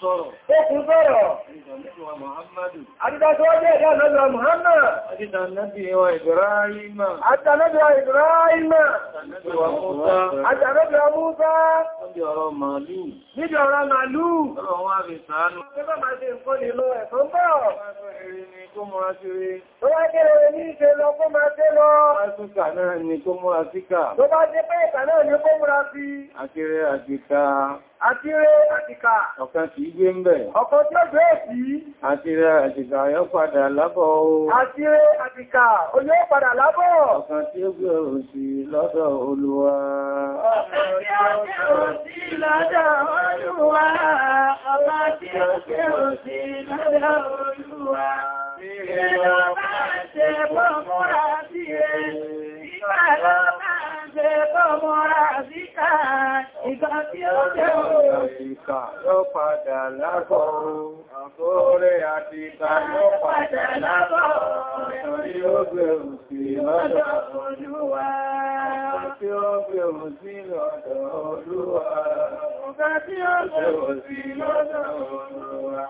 sọ̀rọ̀. Ó kún sọ̀rọ̀. Àdídàtọ́ jẹ́ ìdá lọ́lọ́ Muhammad. Àdídànábì wa Ibrahima. Àdídànábì wa Ibrahima. Àdídànábì wa Musa. Àdídànábì wa Musa. Níbi ọ̀rọ̀ màálù. Níbi ọ̀rọ̀ màálù. Ọlọ́run wá fi sàánú. Ṣé bá máa ṣe nǹkan nílò ẹ̀fọ́ bọ̀? Kó múra kiri. Tó bá kéré ní ṣe lọ kó máa ṣe lọ. Áfíríkà náà ni Àtíré Ọ̀kan kì gbé ń bẹ̀. Ọ̀kan tí ó gbé sí. Àtíré àtìkà yóò padà lábọ̀ o. Àtíré àtìkà ó padà lábọ̀. Ọ̀kan tí ó gbé òsì lọ́dọ̀ Olúwa. Ọ̀kan tí ó gbé òsì lọ́dọ̀ Olúwa. Ọ̀kan tí ó gbé òsì lọ́dọ̀ Olúwa. Ìrẹ̀lọ́ ìkà ló padà lágọ̀ọ́rùn àbórẹ́ àti ìkà ló padà lágọ̀ọ́rùn nítorí ó gbẹ̀rù sí lọ́dọ̀ olúwa tí ó gbẹ̀rù sí lọ́dọ̀ olúwa tí ó gbẹ̀rù sí lọ́dọ̀ olúwa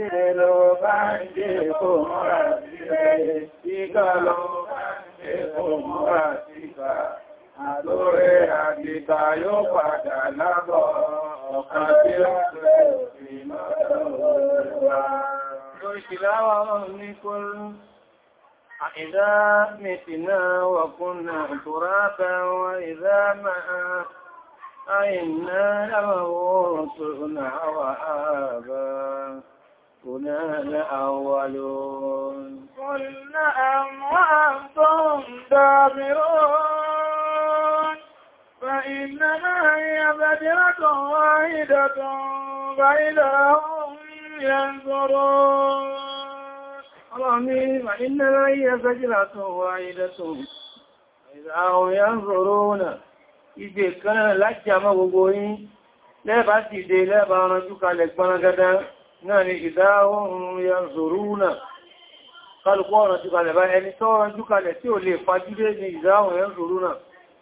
Ìrẹ̀ lọ bá ń dé kò mọ́ra sí rẹ̀, ìgbà lọ bá ń dé kò mọ́ra sí bàá. Àlórí àgbìta yóò padà lábọ̀ ọ̀kan tí ó pẹ̀ òfin mọ́tò òṣèwà. Lórí ìlàwà ní kúrú, àìdá mẹ́tìná wọ̀kúnnà ìtòrápẹ̀ wọn ìdá máa àìná àwọ̀wọ̀n tó náà wà áàbá. كنا أولون كنا أموات دابرون إنما هي بدرة واحدة فإذا هم ينظرون رميم إنما هي بدرة واحدة فإذا هم ينظرون Ibi kan láti àmọ́ gbogbo yín lẹ́bàá ti dé lẹ́bàá ọ̀rọ̀ jùkalẹ̀ gbanagada náà ni ìdá ohun ya zòrú náà. Kálùkú ọ̀rọ̀ jùkalẹ̀ bá ẹni tọ́ ọ̀rọ̀ jùkalẹ̀ tí ò lè fàjúdé ni ìdá ohun ya zòrú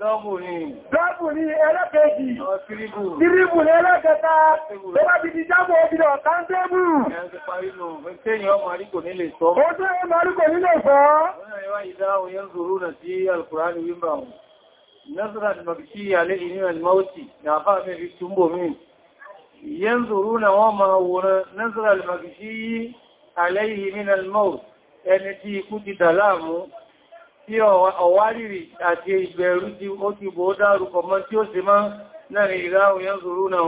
Dọ́bù ni ẹlẹ́kẹ̀ẹ́jì, dìríbù ni ẹlẹ́kẹta, tó bá ti di jábọ̀ obìnrin ọ̀tán tébù. Ó tó ẹ marí kò nílé sọ. Nasra al-Makshi alayhi min al-mawti na fa me fi tumbo min yanzuruna wa ma wura Nasra al-Makshi alayhi min al-mawt ẹni tí kú ti dalamu tí ọ̀wárìrì àti ìgbẹ̀rú tí ó ti bò dárúkọ mọ́ tí ó sì máa náà ìráhùn yẹn zùrú náà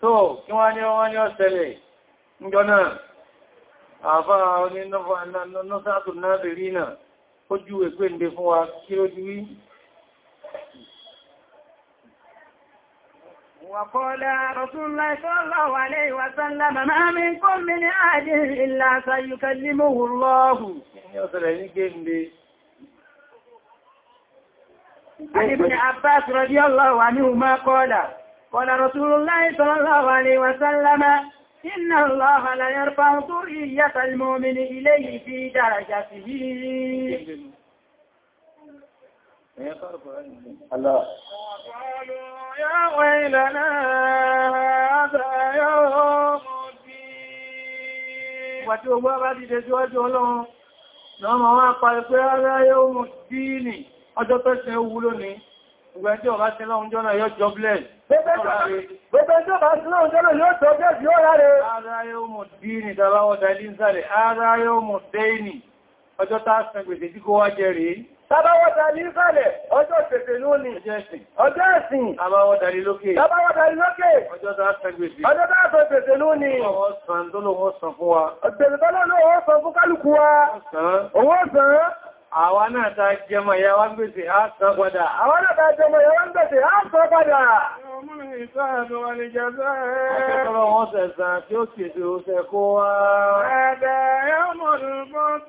tó kí wọ́n ní wọ́n ní ọ̀sẹ̀lẹ̀ ǹjọ́ náà àfá onínọ́sàtò náà rí náà ó jú ẹgbẹ́ǹde fún wa kí ó jú wí وقال رسول الله صلى الله عليه وسلم ما منكم من أحد إلا سيكلمه الله. عن ابن عباس رضي الله عنهما قال قال رسول الله صلى الله عليه وسلم إن الله لا يرفع ذرية المؤمن إليه في درجته الله قالوا يا ويلنا هذا يوم الدين وتوبوا بعد جزوة الله لما وقع القرار يوم الدين ọjọ́ tó ṣe owú lónìí ìgbẹ̀ẹ́ tí ọba sílọ́ oúnjẹ́ náà yóò jọ blẹ̀ gbẹ̀ẹ́ tí ọba sílọ́ oúnjẹ́ náà yóò jọ blẹ̀ yóò rárẹ̀ ara yóò mọ̀ dí ní ìdàláwọ̀ dalí ń sáré ara yóò mọ̀ dẹ́ ìní ọjọ́ tá sàn gbèsè tí kó wá jẹ́ rèé Tàbáwọ́dà ní ìfẹ́lẹ̀, ọjọ́ ìfẹ́fẹ́ lónìí, ọjọ́ ìsìn, tàbáwọ́dà ní lókè, ọjọ́ ìfẹ́fẹ́ lónìí, ọwọ́ sàn tó lówó sàn fún wa, ọ̀tẹ̀lẹ̀tọ́lọ́lọ́wọ́ sàn fún kálùkù wa, àwa náà ta jẹmọ ìyàwó gbèsè á sọ padà àwa náà ta jẹmọ ìyàwó gbèsè á sọ padà Ọ̀pọ̀lọpọ̀ wọn sẹ̀sàn tí ó ti èdè oṣẹ kó wá. Ẹ̀dẹ̀ yọ́mọ̀ lùbọ́n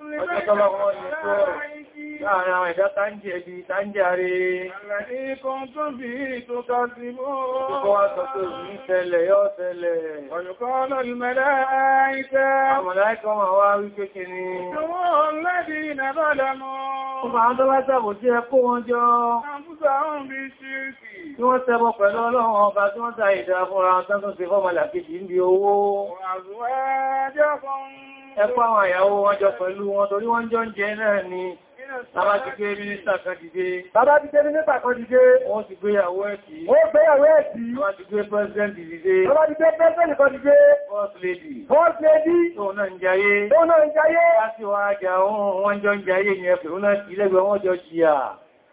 àárín àwọn ẹ̀dá táńjẹ́ ẹbí táńjẹ́ ààrẹ. Àlàní kan tó bí tó ká sí mọ́. Òkúkọ́ wá sọ pé òbí tẹ́lẹ̀ yọ́ tẹ́lẹ̀. Ọ̀yọ̀kọ́ lọ́lù mẹ́lá àìsẹ́. Àmọ̀láìkọ́ wà wá wípé kìíní. Ìjọwọ́ wọn jọ. pẹ̀lú ọlọ́run ọba wọ́n ta ń bí owó. Àzùwẹ́ Bàbá ti gbé mínísà kan dìde. Bàbá ti gbé mínísà kan dìde. Wọ́n ti gbé ìyàwó ẹ̀kì. Wọ́n gbé ìyàwó ẹ̀kì. Bàbá ti gbé pẹ́sidẹ̀ntì dìde. Bàbá ti gbé pẹ́sidẹ̀ntì kan dìde. First lady. First lady. Òun náà ń jayé. Òun náà ń jayé. Láti wọ́n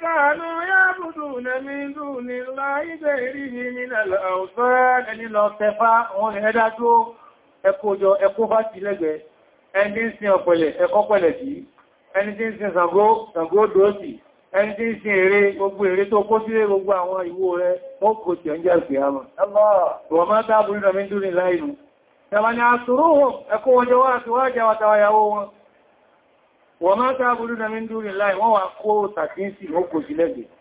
كانوا يعبدون من دون ẹni lọ ni ẹ́dá tó ẹkójọ ẹkó bá ti lẹ́gbẹ̀ẹ́ ẹni ń sin ọ̀pẹ̀lẹ̀ ẹkọ́ pẹ̀lẹ̀ sí ẹni ń sin Ṣàngó Ṣàngó ẹni ń sin eré gbogbo eré tó kó sílé gbogbo àwọn ìwò kò tí ọjọ́ àmà wọ́n máa wọ́n máa tábùrú na mí dúrin láì wọ́n wà kó tàkínsì ó kò sí lẹ́gbẹ̀ẹ́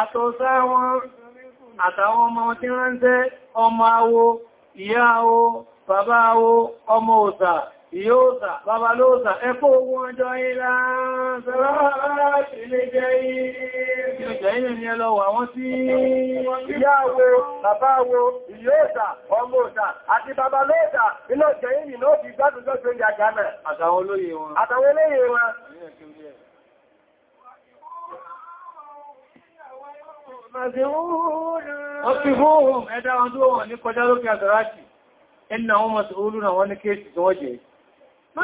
Àtọ̀sá wọn àtàwọn ọmọ tí ránṣẹ́ ọmọ awo, ìyá awo, bàbá awo, ọmọ òsà, ìyóòsà babalóòsà ẹkọ́ ogun ọjọ́ ilá àti babalóòsà ilé òjò ìrì ló ti gbádùn lọ́jọ́ ìjà gánà àtàwọn olóyè wọn àtàwọn olóyè wọn Ọ̀fihóhùn ẹ̀dá ọdún wọn ní kọjá lókè àtàràkì, ẹnà wọn mọ̀ sí olúra wọn ní kéèsì tó wọ́n jẹ́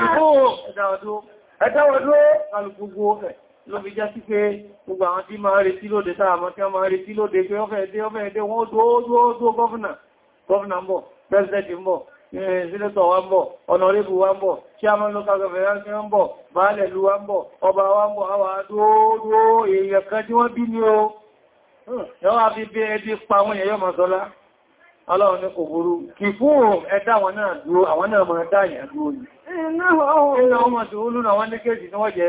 ẹ̀dáwọ̀dúró alùgbogbo ẹ̀ ló fi já sí pé gbogbo àwọn tí máa retí lóde sáàmọ́ tí a máa retí lóde pé ọfẹ́ ẹ̀dẹ́ ọfẹ́ ẹ̀dẹ́ wọ́n dúó gọ́fìnà gọ́fìnà ń bọ̀ pẹ́sidẹ̀tì ń bọ̀ eh, sílẹ̀tọ̀ wa ń bọ̀ ọ̀nàrẹ́bù wa ń bọ̀ chairman local government ń bọ̀ baálẹ̀ ìlú wa ń bọ̀ ọba wa ń bọ̀ àwà dúó èèyàn kan tí wọ́n bí ní o hmm, yọ́ wá fi bí ẹbí pa wọ́n Ọlọ́run ní kò burú. Kì fún òun ẹ̀dá wọn náà dúró, àwọn náà máa dáyà dúró ni. Iná ọmọ tòó lúnà wọ́n ní kéèkì tí wọ́n jẹ,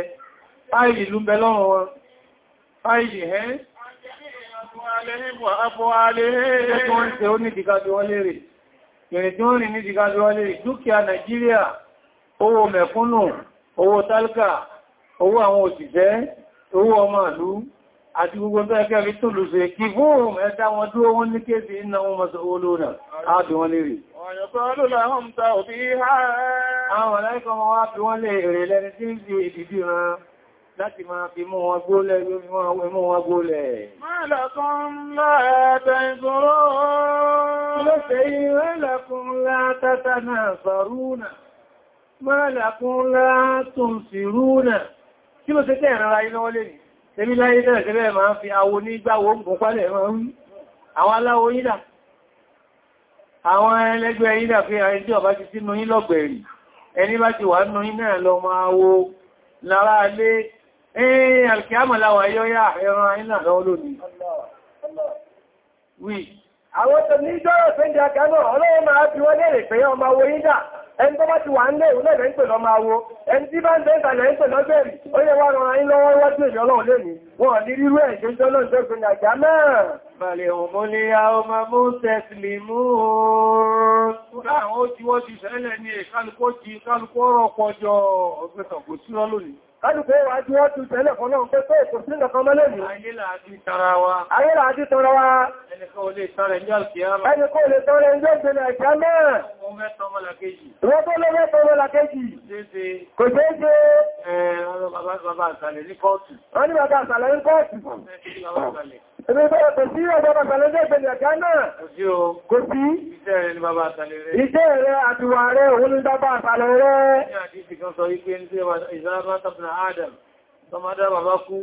fáìlì ló bẹ lọ́rùn wọn. Fáìlì ẹ́? Owó mẹ̀kúnnù, owó Talika, owó àwọn òṣìṣẹ́, àti gbogbo tó ẹgbẹ́ rí tó lùsù kí bóòm ẹ̀dá wọn dúró wọn ní kéèsì iná wọn mọ̀ sọ́wọ́ lónà áàdù wọn lérí. Àwọn aláìkọ́ wọn wá fi wọ́n lè èrè lẹ́ni tí ń fi ìdìdì ran láti máa fi mú wọn gbólẹ̀ mú wọn gbólẹ̀. Mọ́lẹ̀kún láàtẹ̀ ìṣòro. Lọ́sẹ̀ ìrẹ́lẹ̀kún látátà náà sọ̀rúnà. Mọ́lẹ̀kún látùn sírúnà. Kí ló ṣe tẹ́ ìrànra iná wọlé ni? Ṣébí láyé náà ṣe bẹ́ẹ̀ máa ń fi awo ní gbáwo gùn pálẹ̀ máa ń àwọn aláwo yídà. Àwọn ẹlẹ́gbẹ́ yídà fi ààrẹ tí ọba ti sínú yí lọ́gbẹ̀rì. Ẹni bá ti wà nínú yí náà lọ máa wo lára alé, ẹ́ alkiyama yọ́ yá ẹran ayínà lọ́wọ́ lónìí àwọn tó ní jọ́rọ̀ tó ń di àga náà ọlọ́wọ́ máa fi wọ́n lẹ́rẹ̀ pé ọmọ owó yídà ẹni tó bá ti wà ń lè ìwúlẹ̀ lẹ́ ń pè lọ́mọ awo ẹni tí bá ń tẹ́ ìtàlẹ̀ ń pè lọ́gbẹ̀rì ó yẹ wá ran ayín lọ́wọ́ wájú èyí ọlọ́run lè ní wọn ní rírú ẹ̀ tó jọ́ lọ́nà tó ní àjá náà bàlẹ̀ ọmọ ní kálùkọ́ wà jí wọ́n tún tẹ́lẹ̀ fọ́nà pé tó kò sí ǹkan mẹ́lẹ̀ ní ayélà àti tara wa ẹnìkan ò lè tọrẹ ẹjọ́ ìgbẹ̀lẹ̀ àìjá mẹ́rin wọ́n mẹ́tọ́ mọ́lákéjì kò ṣe é ṣe ẹ̀rọ bàbá àṣàlẹ̀ ní kọ́ọ̀tù Iṣẹ́ rẹ̀ àti wà rẹ̀ òun ní dábà àtàlẹ̀ rẹ̀. Ní àdíṣì kan sọ wípé ní ìzára tàbí Adam, tọ́mọ́dá bàbá kú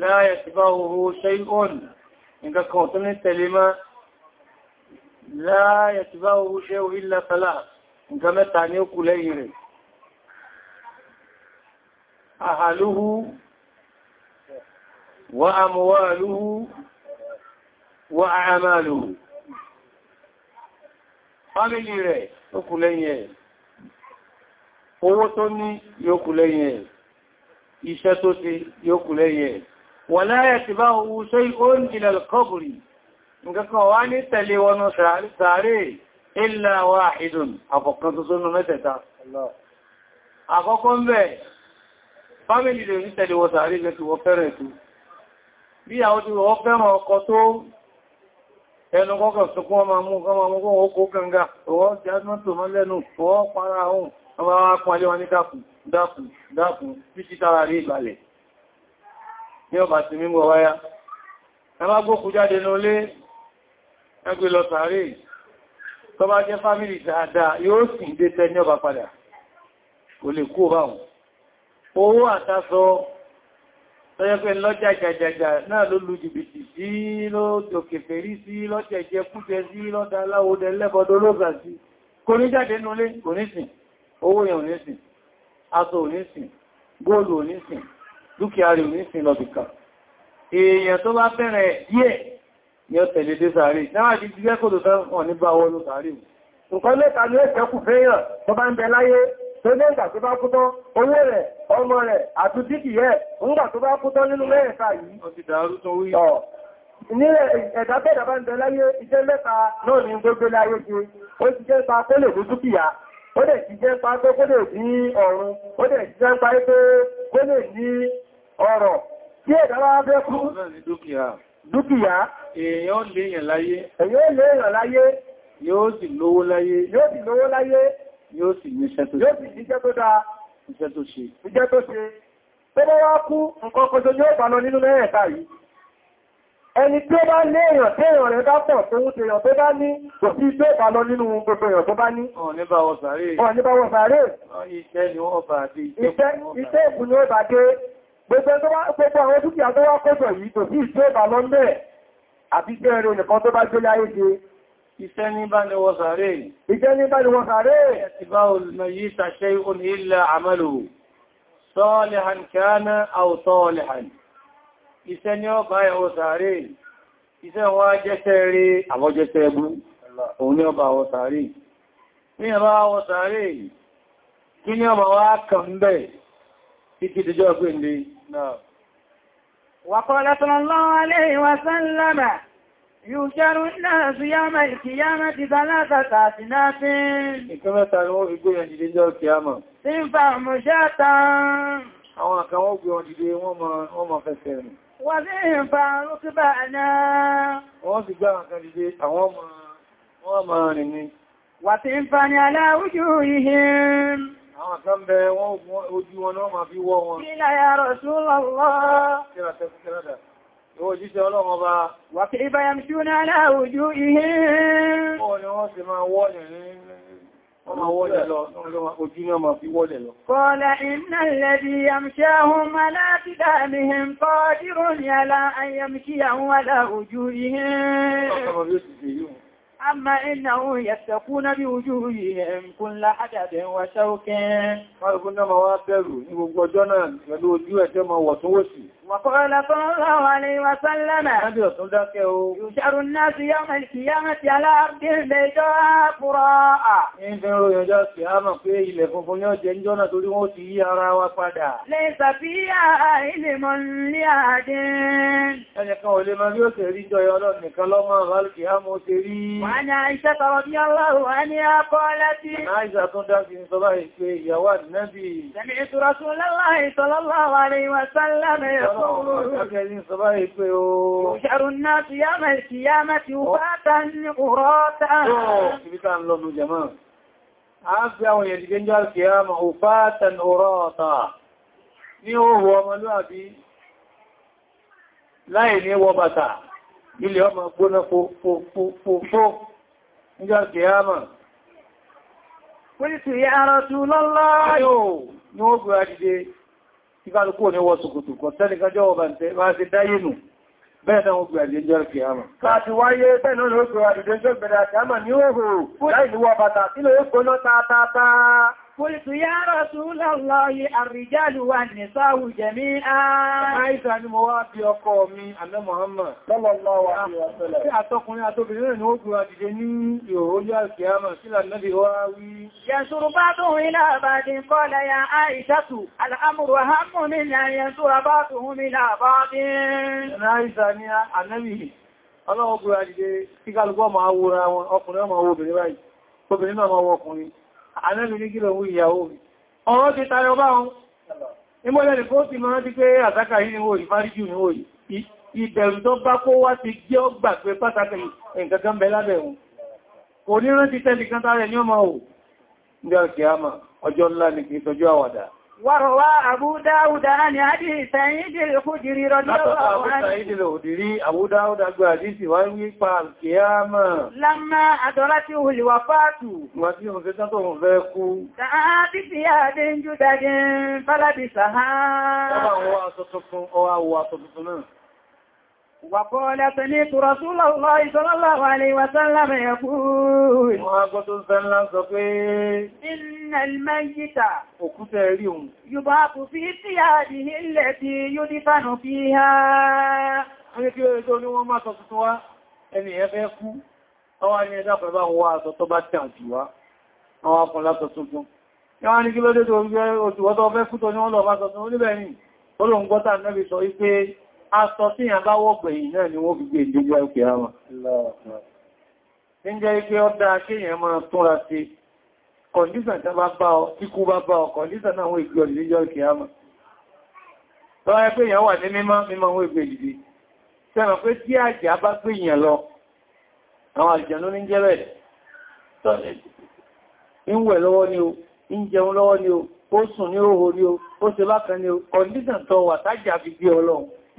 láyẹ̀ tí bá oho ṣe ìhùn, nǹkan kan tó ní tẹ̀lé má láyẹ̀ tí bá oho ṣe orí látàlá, nǹkan mẹ́ta ní ó lẹ́yìn rẹ̀. Àhàlúhú وأمواله وأعماله Fámílì rẹ̀ ó kù lẹ́yìn ẹ̀, owó tó ní yóò kù lẹ́yìn ẹ̀, iṣẹ́ tó ti yóò kù lẹ́yìn ẹ̀. ولا يتبعه شيء إلى القبر. Nǹkan kan wá ní tẹ̀lé wọnú sàárè إلا واحد. Àfọ̀kan tó sónú mẹ́tẹ̀ta. Àkọ́kọ́ ń bẹ̀, fámílì rẹ̀ ní tẹ̀lé wọ sàárè lẹ́tù wọ fẹ́rẹ̀ tù bí àwọn ti wọ́n fẹ́ràn ọkọ tó ẹnu kọ́kọ̀ tó kún ọmọ mú ọmọ mú kún ókó kanga ọwọ́ ti adúmọ́tò mọ́ lẹ́nu ọwọ́ para ohun ọmọ wa pọ̀ alẹ́wọ́ ní dákùn dákùn dákùn títí tara rí ìgbàlẹ̀ ní ọba ti mímọ̀ wáyá ẹ má gbókù jáde lólé ẹgbẹ́ lọ sàárè tó bá jẹ́ fámìlì dáadáa yóò sì dé tẹ́ ní ọba padà kò tọ́jẹ́ pé lọ́jà jàjàjà náà ló lu jìbìtì sí ló tòkè fèrí sí lọ́jà jẹ kújẹ sí lọ́dà aláwòdẹ lẹ́bọdọ lọ́gbà sí kò ní jáde nulé kò ní sìn owó yẹn ò ní sìn aṣọ ò ní sìn góòlù ò ní sìn dúkìá rẹ̀ ò ní sìn lọ́bìkà èèyàn tó bá fẹ́rẹ̀ díẹ̀ ni ó tẹ̀lé dé sàárè náà ti ti gẹ́kòdò tán wọn ní bá wọ́n ló sàárè tó ní ìgbà tó bá kú tán owó rẹ̀ ọmọ rẹ̀ àti dúkìá ńgbà tó bá kú tán nínú mẹ́ẹ̀ta yìí ní ẹ̀dá bẹ́ẹ̀dà bá ń bẹ láyé iṣẹ́ mẹ́ta náà ní gbogbo láyé ju ó ti jẹ́ pa kó lè bú dúkìá ó dẹ̀ ti jẹ́ pa pé kó lè ní ọ̀run ó dẹ̀ ti jẹ́ pa pé kó lè ní ọrọ̀ tí ẹ̀dá bá bẹ́ kú dúkìá èèyàn léèyàn láyé yóò sì lówó láyé yóò sì níṣẹ́ tó ṣe tó bá wá kú nǹkan kọjọ yóò bá lọ nínú mẹ́rẹ̀ẹ́ta yìí ẹni tí ó bá ní èèyàn tí èèyàn rẹ̀ dápọ̀ tó ń tèèyàn tó bá ní kò sí tó bá lọ nínú gbogbo èèyàn tó bá ní ọ̀níbáwọ̀ sàárè iṣẹ́ ni ó bà dé iṣẹ́ ìkù ni ó bà dé gbogbo àwọn dúkìá tó wá kọ́sọ̀ yìí kò sí tó bá lọ ń bẹ̀ Iṣẹ́ ní bá ní wọ́n sàárè. Iṣẹ́ ní bá ní wọ́n sàárè. Ẹ̀tì bá olùmọ̀yí tàṣẹ ìhùn ilẹ̀ àmàlò. Sọ́ọ̀lẹ̀hàn kíánà àwòtọ́ọ̀lẹ̀hàn. Iṣẹ́ ní ọba ẹ̀wọ̀n sàárè. Iṣẹ́ wọ́n jẹ́ṣẹ́ rí àwọ́jẹ́ṣẹ́ ẹbú. Yùṣẹ́rù náà sí yámà ìkìyámà ti bálátà tààtì náà tí ìkọ́mẹ́ta ni wọ́n fi gbé yẹn dìde jọ kìyámà. Tí ń fa ọmọṣẹ́ tán. Àwọn àkàwọ́ gbé wọn dìde wọ́n mọ̀ fẹ́sẹ̀ rìn. Wọ́n sí ń fa rúkúbà náà. Wọ́n sì gbá àkàn dìde àwọn ọmọ rìn ni. Wà tí ń fa ní aláwùjú ìhìn. Àwọn kan bẹ wọ́n ojú wọn náà máa fi wọ́ wọn. Kí Òjíṣẹ́ ọlọ́run ọba. Wà kí ibá yam ṣú náà láàrùjú ihe. Ó ni wọ́n sì máa wọ́lẹ̀ ní ọmọ wọ́lẹ̀ lọ, ojú ní ọmọ fi wọ́lẹ̀ lọ. Kọ́lá iná lẹ́bí yamṣẹ́ ohun malátìdá mihìn fọ́dírò ní alá ayyamṣí àwọn aláàrùjú ihe. Ọkọ̀ bí ó sì ṣe yóò. أما إنه يستقون بوجوههم كل Wọ́n kún náà máa wá bẹ̀rù ní gbogbo ọjọ́ náà pẹ̀lú ojú ẹ̀jẹ́ máa wọ̀ tó wọ́sì. وقال صلى الله عليه وسلم يشعر الناس يوم القيامة على أرض بيضاء قراء ليس فيها علم لأحد وعن عائشة رضي الله عنها قالت عائشة تندك إن صلاة النبي سمعت رسول الله صلى الله عليه وسلم Òṣàrùn náà ti yá mẹ́rin kìí yá mẹ́ ti wọ́n bá ní ọ̀rọ̀ta. Ìbítà ń lọ́nu jẹmọ́. A ń fi àwọn ìyẹ̀dìgbé ń jọ́ kìí yá mọ̀ òfáàtà ní ọ̀rọ̀ta. Ní ó wọ ọmọlúwàbí láì ní wọ bàtà, ilé ọmọ gbóná fòfòfò ń jọ́ kìí yá mọ̀. Kúrìtù yá rọ̀ tí bá lókò ní wọ́n sùkùtù kọ̀ tẹ́lẹ̀kọjọ́ ọba ń tẹ́ bá ti dáyé nù bẹ́ẹ̀ náà gbẹ̀ àjẹjọ́ kìíyàmà. káàkì wáyé tẹ́nà ló pẹ̀lú àjẹjọ́ ìgbẹ̀rẹ̀ àjẹmà ní ó hù láì níwọ̀ sílẹ̀ ó kóná tààtàtà قلت يا رسول الله الرجال والنساء جميعا عايزة الموافي ọkọ أنا محمد صلى الله عليه وسلم أتقني أتبني أن أقوى جدني يهوجى الكيامة سلى النبي واوي ينصر بعضه إلى بعض قال يا عائشة الأمر أهم من أن ينصر بعضهم إلى بعض عائشة النبي ọlọ́wọ́ gbogbo àdìdẹ tí kálùkọ́ máa wúra wọn ọkùnrin ọmọ obìnrin báyìí obìnrin náà máa wọ ọkùnrin Ànábì ní kílò wú ìyàwó mi. Ọ̀rọ̀ ti tayọ bá wọn. Ìmọ́lẹ̀ ni fóòsì máa ti pé àtàkà yìí ni wò yìí, fáríjù ni wò yìí. Ìbẹ̀rù tó bá kó wá ti jẹ́ ó gbà pé pàtàkì nǹkan bẹ lábẹ̀ wọn. Kò ní rántí tẹ́lì kan tààrẹ ní ọmọ ò. Ní ọjọ́ àmà, ọjọ́ ńlá ni kìí sọjọ́ àwàdà. وروى أبو داود عن أبي سعيد الخدري رضي الله عنه أبو سعيد الخدري أبو داود أبو حديث ويروي القيامة لما أدرته الوفاة وفيه فتاته فيكو دعا بثياب جدد فلبسها طبعا هو أصطفن أو أو أصطفن وقال سمعت رسول الله صلى الله عليه وسلم يقول إن الميت يباق في ثيابه التي يدفن فيها ẹni ẹfẹ́ kú ọwá ní ẹ̀dá pẹ̀lú àwọn aṣọ tó bá tẹ̀ kú tó ní wọ́n lọ bá aṣọ tí yàn bá wọ́pẹ̀ yìí náà ni wọ́n fi gbé ìjọba ìpẹ̀ àmà. Níjẹ́ ipé ọdá akéèyàn máa túnra sí kọ̀ndíṣàn tí bá bá ọ, kíkú bá bá ọ, kọ̀ndíṣàn náà wọ́n ìgbé ọ̀dìdí jọ ìpẹ̀ àmà. Tọ́ ẹgbẹ́ èèyàn wà ní mímọ́, mímọ́ wọ́n ìgbé ìdìdí. Sẹ́nà pé tí àjà bá gbé èèyàn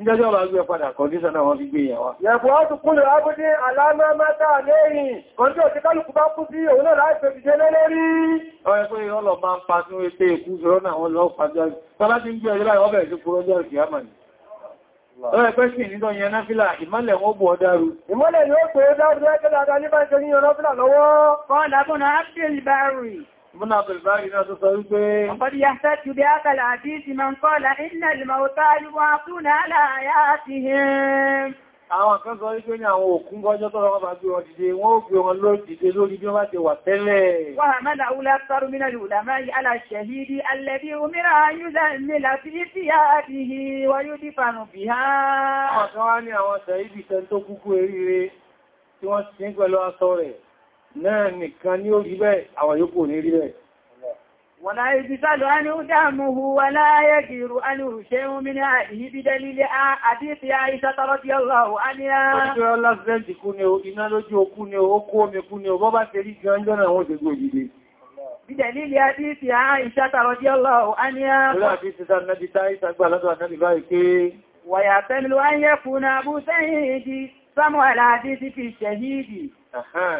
Ìjọjọ́ bá gbé padà kọ̀díṣọ́nà ndị fi gbé ìyàwó. Yẹ̀bù ọdún kúlù abúdí alámọ́mátà lẹ́yìn, kọjú òtí kálùkù bá kú sí òun náà láìpẹ́ fi jẹ́ lẹ́lẹ́rí. Ọ̀rẹ́ pé ọlọ̀ máa ń pa ní ètè Mọ́nà Abẹ̀lbáyìí náà tó sọ wípé. Ọ̀pọ̀dí yà sẹ́ ti bí ákàlà àti ìsìnmọ̀ ń kọ́lá iná ìlmọ̀ta yíwá fún àlàyà ti hìn. Àwọn kan sọ wípé ní àwọn òkú gọ́jọ́ tó lọ́wọ́ bá gbé wọn dìde, wọ́n ó gbé wọn lóòdìde lórí bí wọ́n bá ti wà tẹ́lẹ̀. Wọ́n àmẹ́lá wúlá sọ́rọ̀ mínà náà nìkan ní ó rí bẹ́ẹ̀ àwọn yòókù ní rí bẹ́ẹ̀ wọ̀lá ibi sálọ a ní ó dámú hu wà láyé gìrù a ní òṣè omi ní àìyí bí dẹ́lílé àti ti a iṣẹ́ tọrọ tí ọlọ́wọ́ a ní àà. ọjọ́ lásìlẹ́jì kú ni o iná lójú okú ni o kú omi kú ni o bọ́bá ṣe rí gan jọ́nà àwọn òṣèlú òjìlé bí dẹ̀lílé àti ti a iṣẹ́ ní àà.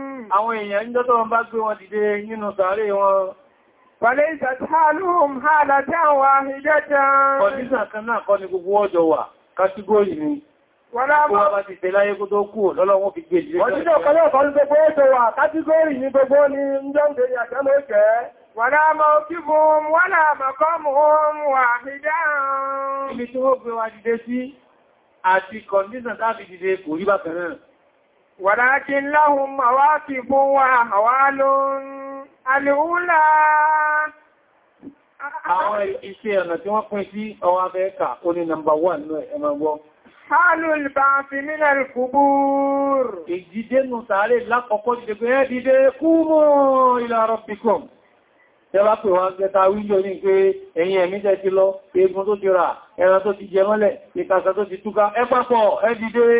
àwọn èèyàn ń jọ́tọ́ wọn bá gbé wọn dìde nínú sàárè wọn pẹ̀lẹ́ ìsàtàlùm hàlà tí àwọn àhìjẹ́jẹ́ kọ̀dísàn kan náà kọ́ ni gbogbo ọjọ́ wà kátégórì ni wọ́n bá ti tẹ́láyé kó tó kú lọ́lọ́wọ́ fi gbé ìdílé ọjọ́ kan náà kọ́ ni gbogbo ọjọ́ wà kátégórì ni gbogbo ni ń jọ́ ń tẹ́lẹ̀ àtẹ́lẹ́ Wàlá ma òkí fún wọ́lá àmàkọ́mù ohun wà àfidá ọ̀run. Ibi tí ó gbé wa dìde sí àti kọ̀ndíṣàn tàbí dìde kò rí bákan náà. ولكن لهم مواقف وأحوال الأولى Àwọn iṣẹ́ ọ̀nà tí wọ́n pín sí ọwọ́ Afẹ́ẹ́kà ó ní nọmbà 1 náà ẹmọ gbọ́. Hálùl bá fi nílẹ̀ kúbúr. Ìjídé nù sàárè lákọ̀ọ́kọ́ ti pé ẹ́ dìde kúmù ila rabbikum. Tẹ́bá pè wọ́n gẹta wíjọ ní pé ẹ̀yìn ẹ̀mí jẹ́ ẹ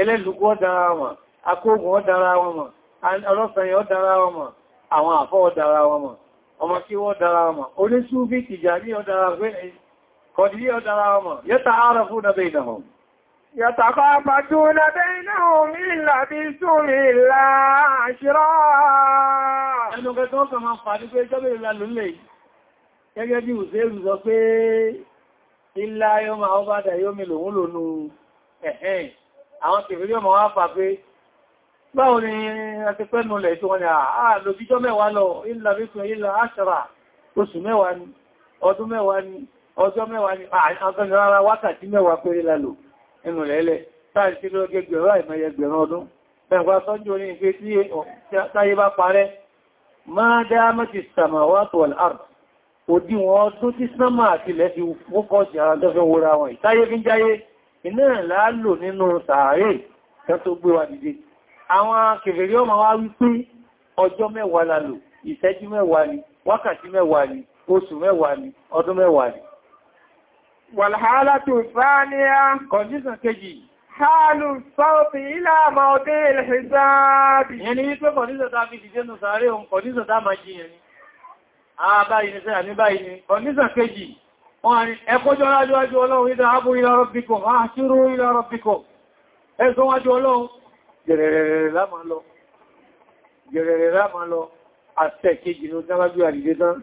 ẹlẹ́lùkú ọ̀dára wọn akóògùn ọ̀dára wọn mọ̀ ọlọ́sànyẹ ọ̀dára wọn mọ̀ àwọn àfọ́ ọ̀dára wọn mọ̀ ọmọ kí wọ́n dára wọn mọ̀ oníṣúbí tìjàrí ọ̀dára kọ̀dí ọ̀dára wọn mọ̀ yẹ́ta ààrẹ fún ọ̀dọ̀ ìdàmọ̀ يتخافتون بينهم إلا بسم الله عشرا ẹnu gẹ́gẹ́ ọkà máa fàájú pé jọ́bẹ̀ ìlà lólè gẹ́gẹ́ bí òṣèlú sọ pé ilá yóò máa ọbádà yóò mìlò òun lónú ẹ̀hẹ́n àwọn kèfèrí ọmọ wá fà pé báwo ni a ti pẹ́nu lẹ̀ tí wọ́n ni àlòbíjọ́ mẹ́wàá lọ ìlà bíkùn ìlà àṣàrà oṣù mẹ́wàá ni ọdún mẹ́wàá ni ọjọ́ mẹ́wàá ni àgbẹ̀rẹ̀ wákàtí mẹ́wàá péré lálò nínú lẹ́lẹ̀ táàrí sí lọ́gẹ́ gbẹ̀rọ ìmẹ́yẹ gbẹ̀rọ ọdún pẹ̀lú sọ́njú ní ìfẹ́ tí táyé bá parẹ́ máa dáámọ́ ti samawati wal ard òdíwọ̀n ọdún tí sánmà àti ilẹ̀ fi fókọ́ sí ara tó fẹ́ wúra wọn ìtáyé fi ń jáyé iná láàlò nínú sàárè kan tó gbé wa dìde àwọn kèfèrí ọmọ wá wípé ọjọ́ mẹ́wàá lálò ìṣẹ́jú mẹ́wàá ni wákàtí mẹ́wàá ni oṣù mẹ́wàá ni ọdún mẹ́wàá ni wàlhálà tó sáníyà kọ̀ndíṣàn kejì hálù sọ́ọ̀tì ilá àmà ọdé ìlẹ̀ṣẹ́sáàbì yẹn ni wípé kọ̀ndíṣàn tá fi dìde nù sàárè òun kọ̀ndíṣàn tá máa jiyàn ni wọ́n ni ẹkójọ́ lájúwájú ọlọ́run ìdá ààbò Ọrọ rabbikum ahshuru ila rabbikum ẹ̀sọ́ wájú ọlọ́run gẹ̀rẹ̀rẹ̀ lámà lọ gẹ̀rẹ̀rẹ̀ lámà lọ ló dáwájú àdìdé tán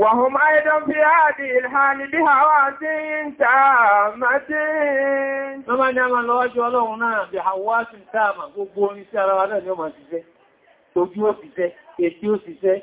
wàhùn fi ìlhàní bí sí ń lọ́mà ní a máa lọ́wájú ọlọ́run náà bí hawa sí ń ta àmà gbogbo orin sí ara wa náà ni ó máa ṣiṣẹ́ ó ṣiṣẹ́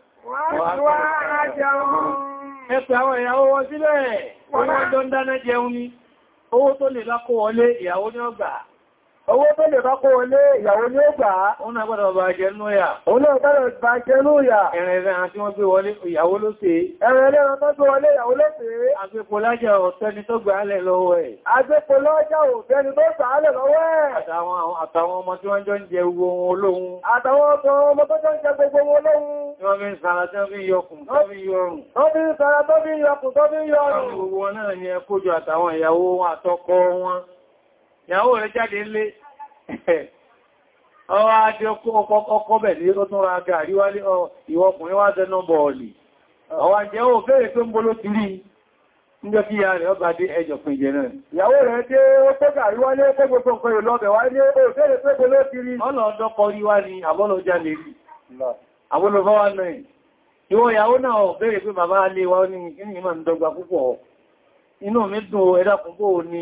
Wà á jẹun. Ẹ̀pẹ̀ àwọn ìyàwó wọn sílẹ̀, wọ́n jọ ń dáná jẹun ni, owó tó lè lákó wọlé ìyàwó owó tó lè bá kó olé ìyàwó ní ó gbà á òun náà gbọ́dọ̀ bá jẹ lóòyà òun náà gbọ́dọ̀ bá jẹ lóòyà ẹ̀rẹ̀ ẹ̀rẹ̀ tí wọ́n gbé wọlé ìyàwó ló ṣe ẹ̀rẹ̀ ẹ̀rẹ̀ tó gbé wọlé ìyàwó ló ṣe agbépo lájà òtẹ́ni tó gbà á lẹ̀ lọ́wọ́ ẹ̀ agbépo lájà òtẹ́ni tó gbà á lẹ̀ lọ́wọ́ ẹ̀ àtàwọn ọmọ tí wọ́n jọ ń jẹ gbogbo wọn olóhun àtàwọn ọmọ tó jọ ń jẹ gbogbo wọn olóhun tí wọ́n fi ń sara tó ọwọ́ adé ọkọ́ bẹ̀ ní ó tún ra gàrí wálé ìwọkùnrin wá jẹ́ nọ́bọ̀ ọ̀lì ọwọ́ jẹ́ ó fẹ́rẹ̀ pé ń bó ló ti rí níjọ́ kí ya rẹ̀ ọba dé ẹjọ̀ pín jẹ náà ìyàwó rẹ̀ dé ó tó gàrí wálé ó gbogbo nǹkan ìlọ́bẹ̀ wálé ó fẹ́rẹ̀ pé bó ló ti rí ọlọ́ọ̀dọ́ kọrí wá ní àbọ́lọ́já lè rí àbọ́lọ́fọ́ wá náà ìwọ ìyàwó náà bẹ̀rẹ̀ pé bàbá alé wa ní ìmọ̀ ìdọ́gba púpọ̀ inú mi dùn ẹ̀dàkùnkó ni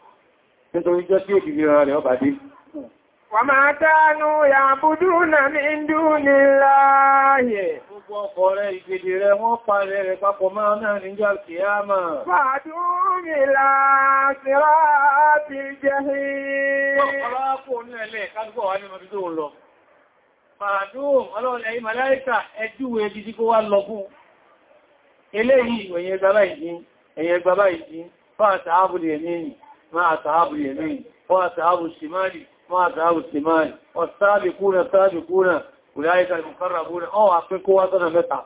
nítorí jọ sí èkìrí ọ̀rọ̀ rẹ̀ ọba dé. Wà máa dánú yàbúdú náà ní ìdú ní Gbogbo ọkọ̀ rẹ̀ ìgbèdè rẹ̀ wọ́n parẹ̀ rẹ̀ papọ̀ máa náà ní jọ kì á mọ̀. Fàdúnmì láàṣírá ti jẹ́ Eléyìí, ẹ̀yẹ gbàbá ìdí, ẹ̀yẹ gbàbá مع أصحاب اليمين وأصحاب الشمال مع أصحاب الشمال والسابقون السابقون أولئك المقربون أو أعطيكوا وطنا متعب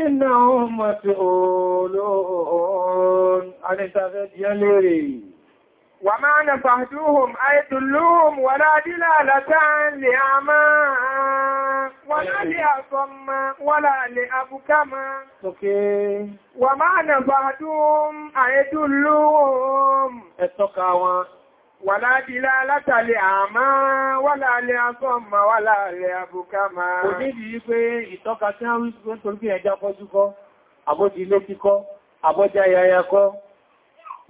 iná ọmọ tí olóòrùn anìtàfẹ́ díẹ̀ lérè wà máa nà fàájúhùn àìtùlúhùn wà ládílà látàn lè a máa wà láàrí àsọmọ wà láàrí àbúká máa wàládìlá látàlẹ̀ àmá wàlálẹ̀ asọ́mà wàlálẹ̀ àbùkámà. Kò nídi wípé ìtọ́ka tí wọ́n wípé torí bí ẹja kọjú kọ́, àbọ́dì ilé kíkọ́, àbọ́já yaya kọ́.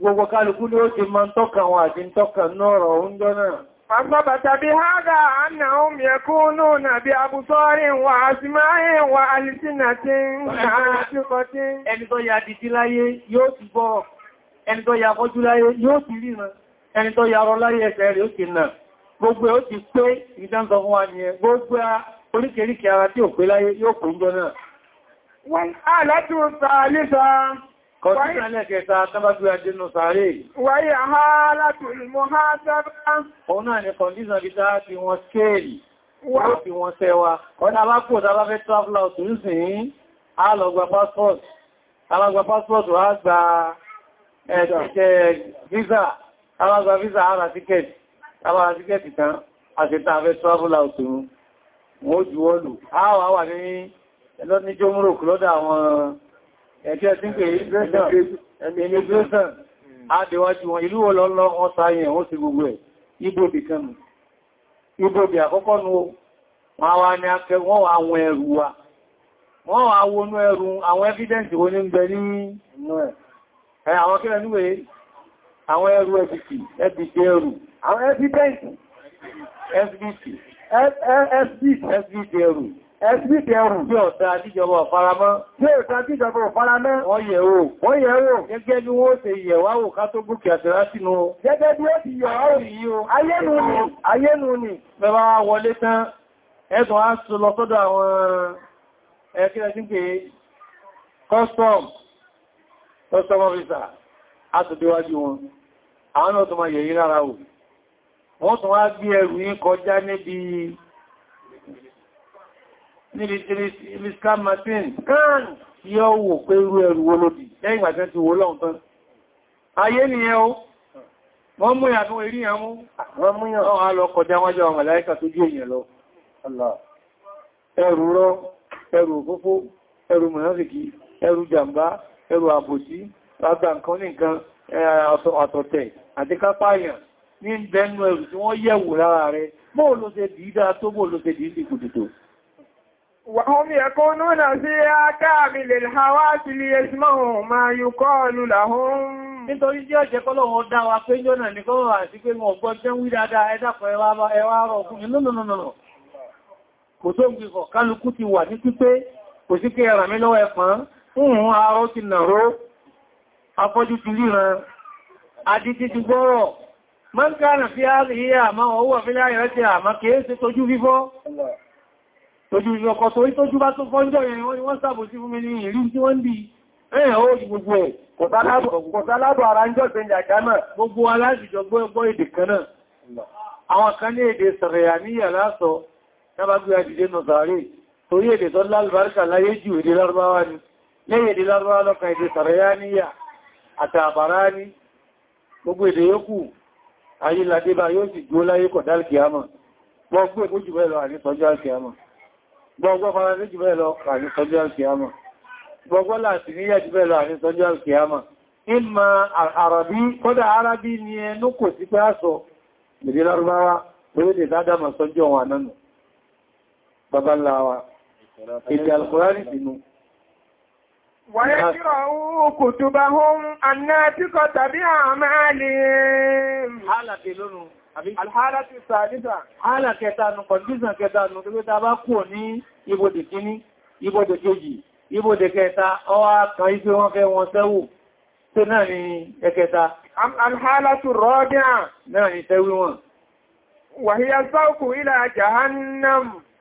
Gbogbo kálukú ló ti máa ń tọ́ka wọn àti ń tọ́ka náà oúnjẹ náà. Fàṣọ́bàtà bí hága àánà oun yẹkú náà bí abúsọ́rí wà àṣìmáyé wà alìsínà tí ń náà tí kọ tí. Ẹni tó ya dìtí láyé yóò ti gbọ́, ẹni tó ya kọjú láyé yóò ti ríran ẹni tó yarọ láyé ẹsẹ̀ rẹ̀ ó ti nà gbogbo ó ti pé ìdánsọ fún wa nìyẹn gbogbo oríkèríkè ara tí ò pé láyé yóò kò jọ náà wọ́n aládùn sáà lẹ́sà a gba passport, alágbà passport visa àwọn àgbà visa ara tíkẹ́ẹ̀tì àwọn ara tíkẹ́ẹ̀tì kan àṣẹta afẹ́ travel out òun wọ́n jù wọ́n lù àwọn àwà ní ẹlọ́ní jọmúrò lọ́dọ̀ àwọn ẹ̀kẹ́ tí ń pè immigration àdíwájú wọn ìlú ọlọ́lọ́ wọn sáyẹ̀ wọ́n sí gbogbo ẹ̀ ibòbì kan ibòbì àkọ́kọ́ nù wọ́n wá ní akẹ́ wọ́n wá àwọn ẹrù wa wọ́n wá wọnú ẹrù àwọn evidence wo ní ń bẹ ní inú ẹ̀ àwọn kílẹ̀ níwèé àwọn ẹrù FBC FBC ẹrù àwọn evidence FBC FBC FBC ẹrù FBC ẹrù bí ọ̀tá àdíjọba ọ̀faramọ́ bí ọ̀tá àdíjọba ọ̀faramọ́ wọ́n yẹ̀ wò wọ́n yẹ̀ wò gẹ́gẹ́ bí wọ́n ṣe yẹ̀ wá wò ká tó gúnkì àtìrá sínú gẹ́gẹ́ bí ó ti yọ̀ wá wò yìí o ayénu ni ayénu ni bẹ́bá wọlé tán ẹ̀tùn á sọ lọ sọ́dọ̀ àwọn ẹ̀kílẹ̀ sí pé custom custom officer a tó déwájú wọn àwọn náà tó máa yẹ̀yí lára ò wọ́n tún wá gbé ẹrù yín kọjá níbi níbi islam martin kan tí ó wò pé irú ẹrù wo lòdì lẹ́yìn ìgbà tẹ́ ti wò lọ́n tán ayé nìyẹn o wọ́n mú ìyàtún erí yàn mú wọ́n mú yàn á lọ kọjá wájú àwọn màláíkà tó jú èèyàn lọ ẹrù rọ ẹrù òfófó ẹrù mọ̀náfìkì ẹrù jàmbá ẹrù àbòsí gbàgbà nǹkan ní nǹkan àti kápáyàn ní bẹnu ẹrù tí wọ́n yẹ̀wò lára rẹ̀ bóò ló ṣe dìídá tó bóò ló ṣe dìídì وهم يكونون فيها كامل الحواس ليسمعوا ما يقال لهم nítorí jẹ́ ọ̀jẹ́ kọ́lọ̀wọ́ dá wa pé jọ́nà ní kọ́ wà sí pé wọ́n gbọ́n jẹ́ wí dáadáa ẹ́dàpọ̀ ẹwà rọ̀ ọkùnrin lónàlónà kò tó sí pé ẹ̀rà mi lọ́wọ́ ẹ̀fán fún àárọ̀ ti nàró afọ́jú ti ríran adití ti gbọ́rọ̀ mọ́ ń kààrùn sí àríyà àmá ọwọ́ fílẹ̀ ayọ̀rẹ́ ti àmá kìí sí tójú fífọ́ tójú ìyọkọ̀ tó rí tójú bá tó fọ́njọ́ ìrìn wọ́n ni wọ́n sàbò sí fún mi ní ìrí tí wọ́n dì ẹ̀yàn ó gbogbo ẹ̀ kọ̀tàlábọ̀ ara ń jọ́ ìpínlẹ̀ àjámà gbogbo aláìsìjọ gbọ́ èdè kan náà àwọn kan ní èdè sọ̀rẹ̀yà ní yàrá sọ tábàgbé àdìdé nọ̀sàárè torí àti àbárá ní gbogbo èdè yókù ayélàdébá yóò sì gbó láyé kọ̀dálkì àmà gbogbo èkó jù bẹ́ẹ̀ lọ àrísọjọ́ àti àmà gbogbo faransé jù bẹ́ẹ̀ lọ àrísọjọ́ àti àmà gbogbo láti níyà jù bẹ́ẹ̀ lọ àrísọjọ́ àti àmà ìmà àràbí kọ́dà arábí ni ẹnú kò sí pé àṣọ èdè lárúbáwá orílẹ̀ dáadáa sọjọ́ wọn nánú babaláwa èdè alkùránì sínú ويقرأوا كتبهم الناتقة بأعمالهم حالة لنو الحالة الثالثة حالة كتانو قدسنا كتانو تبتا باكوني ibodè kíní ibodè kejì ibodè kẹta ọwá kan ife wọn fẹ́ wọn sẹ́wù tó náà ni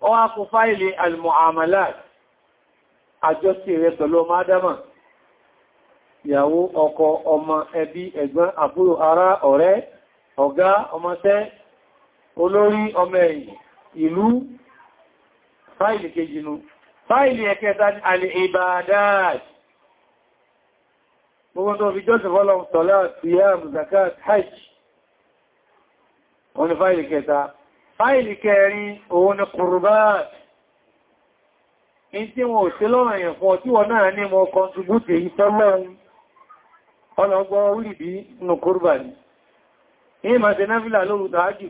ó wá kó fáìlì al-mu'amalat àjọsí rẹ̀ pẹ̀lú ọmọ Adama ìyàwó ọkọ ọmọ ẹbí ẹ̀gbọ́n àbúrò ará ọ̀rẹ́ ọ̀gá ọmọṣẹ́ olórí ọmọ ẹ̀yìn ìlú fáìlì kejìnú fáìlì ẹ̀kẹta ní al-ibadat gbogbo tó fi jọ́sìn fọ́lọ́ salat fáìlì kẹrin òun ni kùrùbáà ní tí wọn ò sí lọ́rọ̀ èèyàn fún ọtí wọn náà ní mọ́ kọntubútì èyí tọ́lọ́run ọlọ́gbọ́ orí bí inú kúrùbà ni ní ma ṣe náfílà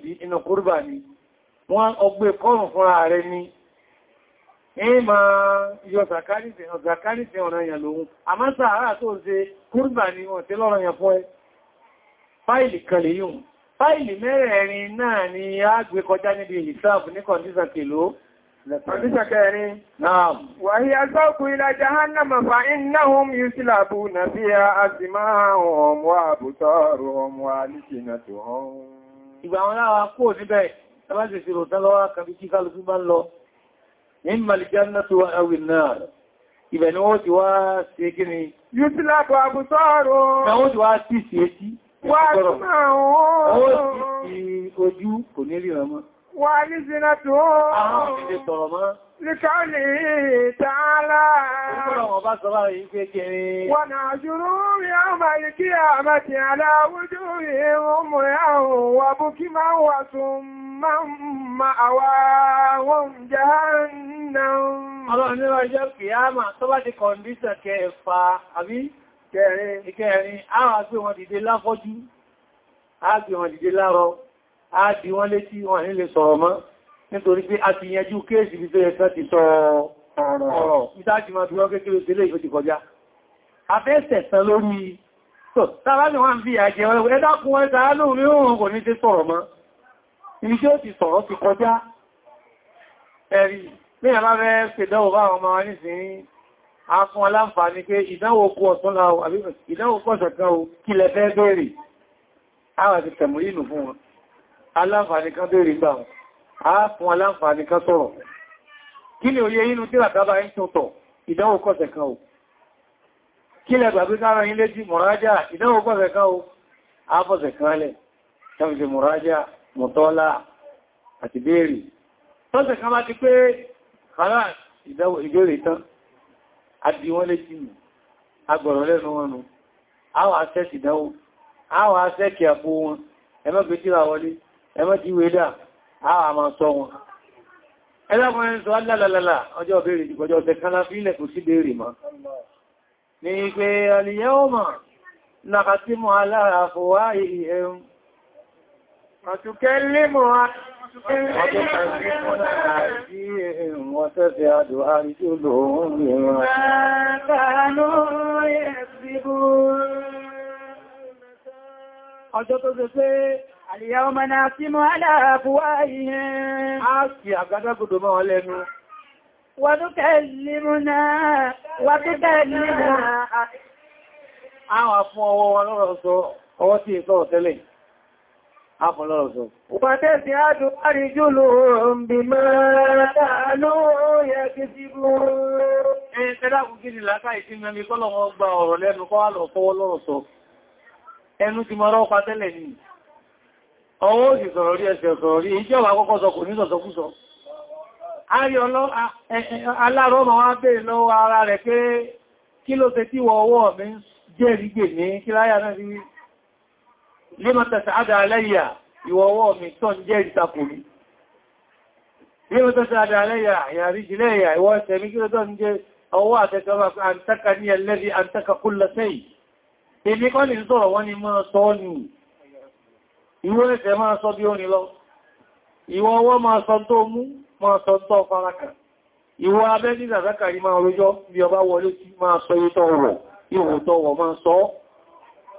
bí inú kúrùbà ni wọ́n ọgbẹ́ kọrùn fún ààrẹ ni ma yọ zakarite ọ̀nà èèyàn fáìlì mẹ́rẹ̀ẹ̀rin náà ni a gbé kọjá níbi ìsáàb ní kọndíṣà kìló kọndíṣà kẹrin náà wàhí asáàkù ilá jahannama fa innahum yuslabuna fiha asma'uhum wa absaruhum wa alsinatuhum ìgbà wọn láwá kó níbẹ̀ tàbátì sí rọ̀tán lọ́wọ́ kàbí kí kálùkú bá ń lọ ní màlìjánátò àwìn náà ibẹ̀ ni wọ́n ti wá sí kíni yúsílàbù àbùsọ́rọ̀ Wà ojú kò ní rí ọmọ. Wà ní síná tó àwọn ìdíje sọ̀rọ̀ mọ́. Líká lè tààlà. Ìgbọ́nà wọn bá sọ báyìí pé kiri. Wà náà jùrú rí ọmọ ìkí àmàtì aláwójú rí ọmọ ẹ̀hùn wà bú kí máa wà tún máa àwà wọn jahannam. Ọlọ́run ní ọjọ́ kìí kẹrin ìkẹrin àwọn gbé wọn dìde láfọ́jú a gbé wọn dìde lárọ a dì wọn létí wọn ní lè sọ̀rọ̀ mọ́ nítorí pé a ti yanjú kéèsì bí tó ẹ̀sán ti sọ ọ̀rọ̀ ìdájì máa dúró kékeré sílé ìfẹ́ ti kọjá afẹ́sẹ̀ tán lórí tó tàbá ní wọ́n fi àjẹ́ wọn ẹ̀dàkùn wọn tàà lóun ní òun kò ní ti a fún aláǹfààní pé ìdánwò kú ọ̀tún láwọ́ àbí ìdánwò pọ̀sẹ̀ kan o kí lẹ fẹ́ bèèrè àwọn àti tẹ̀mù yìí nù fún wọn aláǹfààní kan bèèrè gbà wọn a fún aláǹfààní kan sọ̀rọ̀ kí ni òye inú tí ràtàbà ń tuntọ̀ ìdánwò pọ̀sẹ̀ kan o kí lẹ gbàgbé sára yín léjì mọ̀rájá tán àbí wọ́n létí nù agbọ̀rọ̀ lẹ́nu wọn nù àwọn asẹ́kì dánwò àwọn asẹ́kì àpò wọn ẹmọ́ gbé tíra wọlé ẹmọ́ tí wé dà àwọn àmà sọ wọn ẹlẹ́kùnrin sọ alálàlàlà ọjọ́ bèèrè ìgbọ́jọ́ ọ̀sẹ̀ kan láfílẹ̀ kò sí bèèrè mọ́ ni pé àlìyẹ́ ọmọ nàkàtímọ̀ alára fòwá ìhẹ̀rùn وتكلمها وتحذرنا أيديهم وتشهد أرجلهم بما كانوا يكذبون ọjọ́ tó ṣe pé àríyá ọmọ náà sí mọ́ aláàfúwá ihe a kì àgádágòdò mọ́ ọlẹ́nu wàtúkẹ́lìmúnà àwọn fún ọwọ́ wọn lọ́rọ̀ sọ ọwọ́ tí ìsọ́ ọ̀tẹ́lẹ̀ afọlọ́ọ̀sọ. Òpàtẹ́ sí ádùn àríjú ló ń bí mẹ́ta ló yẹ kí sí bú. Ẹ tẹ́lákùn kí ni látà ìsinmi ní kọ́lọ̀ wọn gba ọ̀rọ̀ lẹ́nu kọ́ ni. Ọwọ́ òsì sọ̀rọ̀ rí ẹsẹ̀ sọ̀rọ̀ rí, ìjọ́ wà kọ́kọ́ sọ kò ní sọ̀sọ̀kúsọ. Alárọ̀ ma wá bèèrè lọ́wọ́ ara rẹ̀ pé kí ló lima tas'ada alayya ìwọ̀wọ́ mi tọ́ jẹ́ ìtakùrí lima tas'ada alayya ìyàrí jìlẹ́yà ìwọ̀ ẹ̀sẹ̀ mi kí ló tọ́ jẹ́ ọwọ́ àtẹ́kọ̀ọ́ àǹtaka ní ẹlẹ́bí àǹtaka kulla shay èmi kọ́ ní sọ̀rọ̀ wọ́n ni máa sọ ní ìwọ́ ẹ̀sẹ̀ máa sọ bí ó ní lọ ìwọ ọwọ́ máa sọ tó mú máa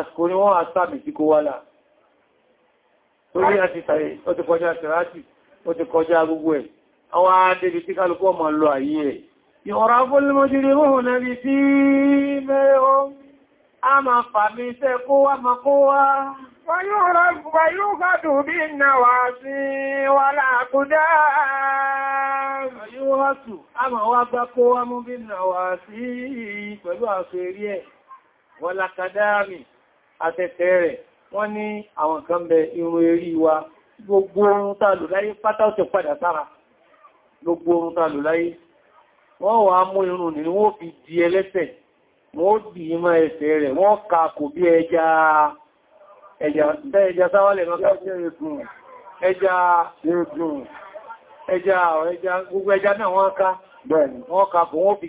àsìkò ní wọ́n àtàbì sí kó wálà torí àti sàrè ó ti kọjá sẹ̀ráàtì ó ti kọjá gbogbo ẹ̀ àwọn adébì tí kálùkù ọmọ lọ àyí ẹ̀ ìhọ̀rọ̀ afọ́lẹ́mọ́júrí mọ́hùn náà tí mẹ́rọ a a ma wá gbá kó wá àtẹ́tẹ́ rẹ̀ wọ́n ní àwọn kan bẹ irun wa gbogbo orun tààlù láyé pátá ó gbogbo orun tààlù láyé wọ́n wà á mú irun nínú wọ́n fi di ẹlẹ́sẹ̀ wọ́n dì í mọ́ ẹsẹ̀ rẹ̀ wọ́n ka kò bí ẹja ẹja sáwálẹ̀ Eja gbogbo ká ka kò fi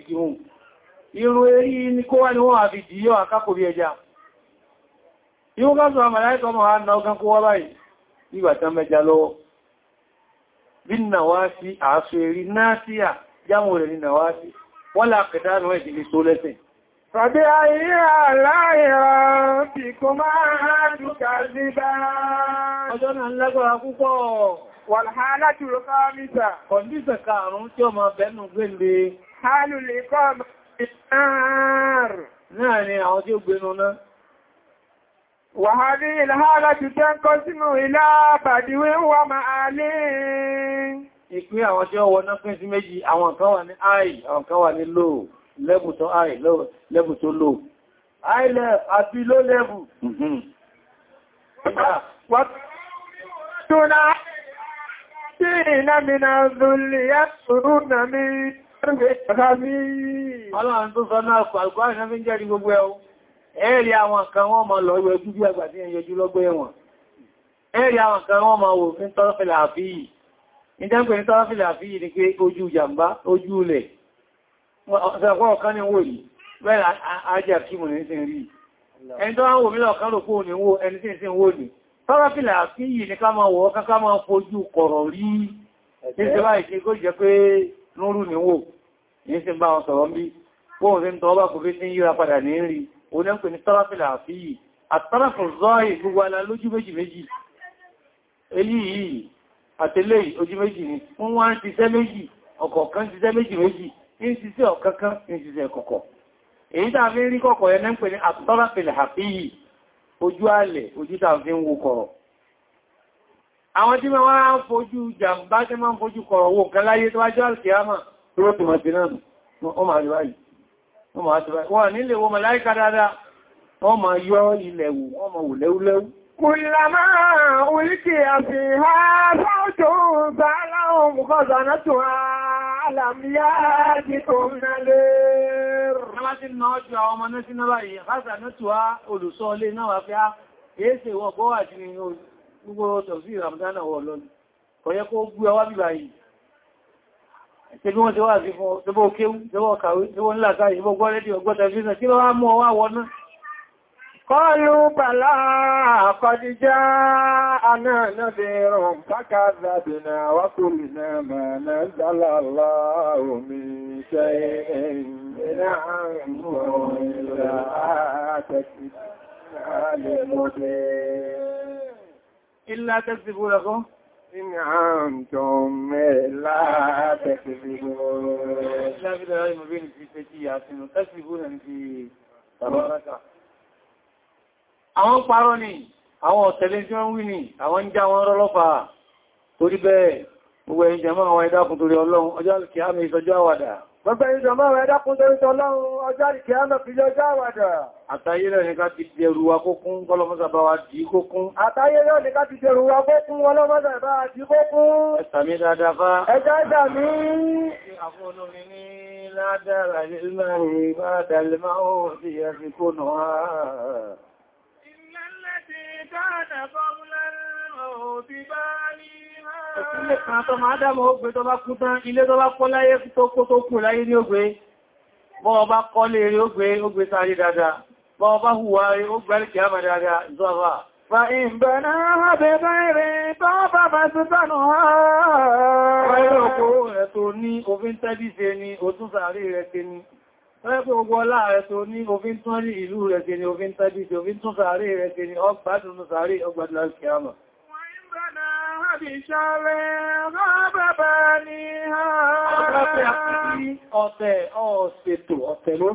bí ẹja yíó ká sọ àmàláìkọ́ mọ̀ á na ọgán kó wá báyìí ìgbà tán mẹ́ja lọ́wọ́ bí nàwá sí àásù èrí náà sí à jámù rẹ̀ ní nàwá sí wọ́n lá kẹdánù ẹ̀ dìlé só lẹ́sẹ̀ Fàbí ayé aláìrọ̀ bí kò náà lágbára púpọ̀. tí ó ká mítà. وهذه الحالة تنقسم إلى بدو ومعالي ìpín àwọn tí ó wọ náà pín sí méjì àwọn kan wà ní high àwọn kan wà ní low level tó high level tó low high level àti low level mhm. wàtúnà tí iná mìnà zulli yàtùrù nà mí rẹ̀ rẹ̀ rẹ̀ ẹ̀rí àwọn kan wọ́n máa lọ yọjú bí àgbà tí ẹyọjú lọ́gbẹ́ ẹ̀wọ̀n ẹ̀rí àwọn kan wọ́n máa wò fún tọ́rọfìlà àfíì ìdẹ́gbẹ̀ ní tọ́rọfìlà àfíì ni pé ojú jàmbá ojú ulẹ̀ ọ̀kan ni wò ní bẹ́ẹ̀ ajá kí mò ní sí rí ẹni tó wọ́n wò mí lọ́kan rò pé òní wò ẹni tí sí wò ní tọ́rọfìlà àfíì ni ká máa wọ̀ ọ́ká ká máa fojú kọ̀rọ̀ rí ní ṣe báyìí ṣe kó jẹ́ pé lórú ni wò ní sí bá wọn sọ̀rọ̀ bí bóhùn sí ń tọ́ ọba kò fi sí yíra padà ní rí onípe ní tọ́ráfìlà àfíyì àtọ́ráfù zọ́ọ̀ì gbogbo ala lójú méjì méjì èyí yìí àtẹ́lẹ̀ ojú méjì ni fún wá ń ṣiṣẹ́ méjì ọ̀kọ̀ọ̀kan ṣiṣẹ́ méjì méjì ń ṣiṣẹ́ ọ̀kankan ń ṣiṣẹ́ kọ̀kọ̀ èyí tàà fi rí kọ̀kọ̀ ẹ̀ nẹ́pẹ̀ ní àtọ́ráfìlà àfíyì ojú alẹ̀ ojú tàà fi ń wo kọ̀rọ̀ àwọn tí wọ́n wá wọ́n máa rí báyìí wọ́n nílé wọ́n màláíkà dáadáa wọ́n máa yọ ilẹ̀ wù wọ́n máa wù lẹ́wúlẹ́wú Kùlàmá oríkè àfi ha fáòtò bá láwọn mùkọ́sà náà tó ha alàmìyà jí tó náà lè rọ̀. Láti náà jù àwọn ọmọ náà sí náà báyìí, àkásà náà tó ha olùsọ́ ilé náà wà fẹ́ á, èé ṣe wọ́n gbọ́wà jí ní gbogbo ọ̀tọ̀ sí ṣe bí wọ́n ṣe wà sí fún ọdọ́bọ̀ kéwú lọ́wọ́ kàwé tí wọ́n láta ìṣẹ́bọ̀ gbọ́rẹ́dì ọgbọ́ta fíìsàn kí lọ wá mú ọwá wọná kọlu bàlá àkọjíjá anáàdẹ́rùn kákàzàbìnà wákùnlẹ̀ إن أنتم لا تكذبون لا بد أن يبين àwọn parọ́ ni àwọn ọ̀tẹ̀lẹ̀ tí wọ́n wí ni àwọn ń já wọn rọ́lọ́fà torí bẹ́ẹ̀ gbogbo ẹ̀yin jẹmọ́ àwọn ẹ̀dàkùn torí ọlọ́run ọjọ́ alìkì àmì ìsọjọ́ àwàdà gbogbo ẹ̀yin jẹmọ́ àwọn ẹ̀dàkùn torí ọlọ́run ọjọ́ alìkì àmì ìsọjọ́ àwàdà àtayé rẹ̀ ní ká ti dẹrù wa kókún kọlọmọ́sà bá wa dì kókún àtayé rẹ̀ ní ká ti dẹrù wa kókún kọlọmọ́sà bá wa dì kókún ẹ̀sàmí dáadáa bá ẹjá ìdàmí àfún olórin ní ládára ilẹ̀ ìgbà dàlẹ́máà ó sì ẹ̀fì kónà wá Ilé kan tó máa dámọ̀ ó gbé tó bá kú tán, ilé tó bá kọ́ láyé kó tó kù láyé ní ó bọ́ọ̀bá hùwà rí ó gbẹ́rì kí á mọ̀ dáadáa zọ́fà. Fàìbẹ̀nà àbẹ̀bẹ̀rẹ̀ bọ́ọ̀bá bá ti sánà ha. Ọ̀rẹ́ òkú rẹ̀ tó ní òfin tẹ́bí ṣe ni, òtún sàárì rẹ̀ ṣe ni. Ọ̀rẹ́ pé ogun ọlá rẹ̀ tó ní òfin tún rí ìlú rẹ̀ ṣe ni, òfin tẹ́bí ṣe, òfin tún sàárì rẹ̀ ṣe ni, ọgbàdùn sàárì ọgbàdùn kìámà. Fàìbẹ̀nà àbìṣàrẹ̀ rọ́bà bá ní ha. Ọ̀tẹ̀ ọ̀ṣètò ọ̀tẹ̀ ló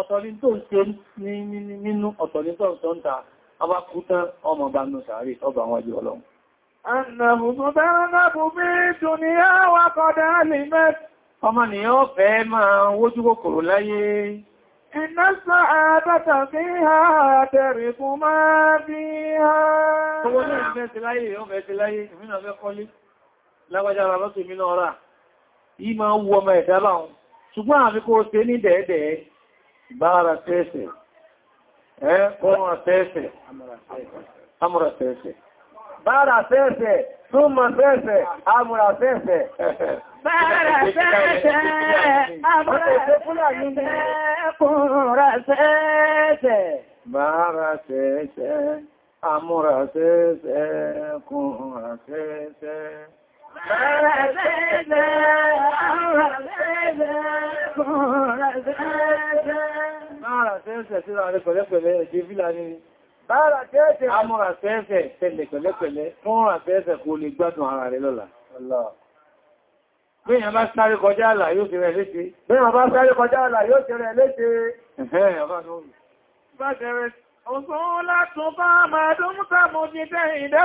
ọ̀tọ̀lí tó ń ṣe nínú ọ̀tọ̀lí tó ń sọ ń ta ọba kú tán ọmọ bá nù sàárè ọba wọn jẹ́ ọlọ́run ọmọ nìyàn ọ̀fẹ́ máa wójú kòkòrò láyé Iná máa bí ha. ọmọ ẹ̀dá báhùn, ṣùgbọ́n àfikò ṣe ní dẹ̀ẹ́dẹ̀ẹ́ bára tẹ́ẹ̀sẹ̀ ẹ́ kọ́nà tẹ́ẹ̀sẹ̀ amúra tẹ́ẹ̀sẹ̀ bára tẹ́ẹ̀sẹ̀ súnmọ̀ tẹ́ẹ̀sẹ̀ amúra tẹ́ẹ̀sẹ̀ bára tẹ́ẹ̀sẹ̀ amúra tẹ́ẹ̀sẹ̀ kúnra tẹ́ẹ̀sẹ̀ bára tẹ́ẹ̀sẹ̀ amúra tẹ́ẹ̀sẹ̀ kúnra tẹ́ẹ̀sẹ̀ Bára tẹ́ẹ̀sẹ̀ amúra tẹ́ẹ̀sẹ̀ tẹ́lẹ̀ pẹ̀lẹ́pẹ̀lẹ́ fún ọ̀rà tẹ́ẹ̀sẹ̀ kó lè gbádùn ara rẹ̀ lọ́la. Béèyàn bá sáré kọjá àlà yóò ti rẹ̀ léṣe. Béèyàn bá sáré kọjá àlà yóò ti rẹ̀ léṣe. Ẹ̀hẹ́ ọ̀bá Òṣúlátù bá máa dúnmúta mú ti tẹ́ ìdá.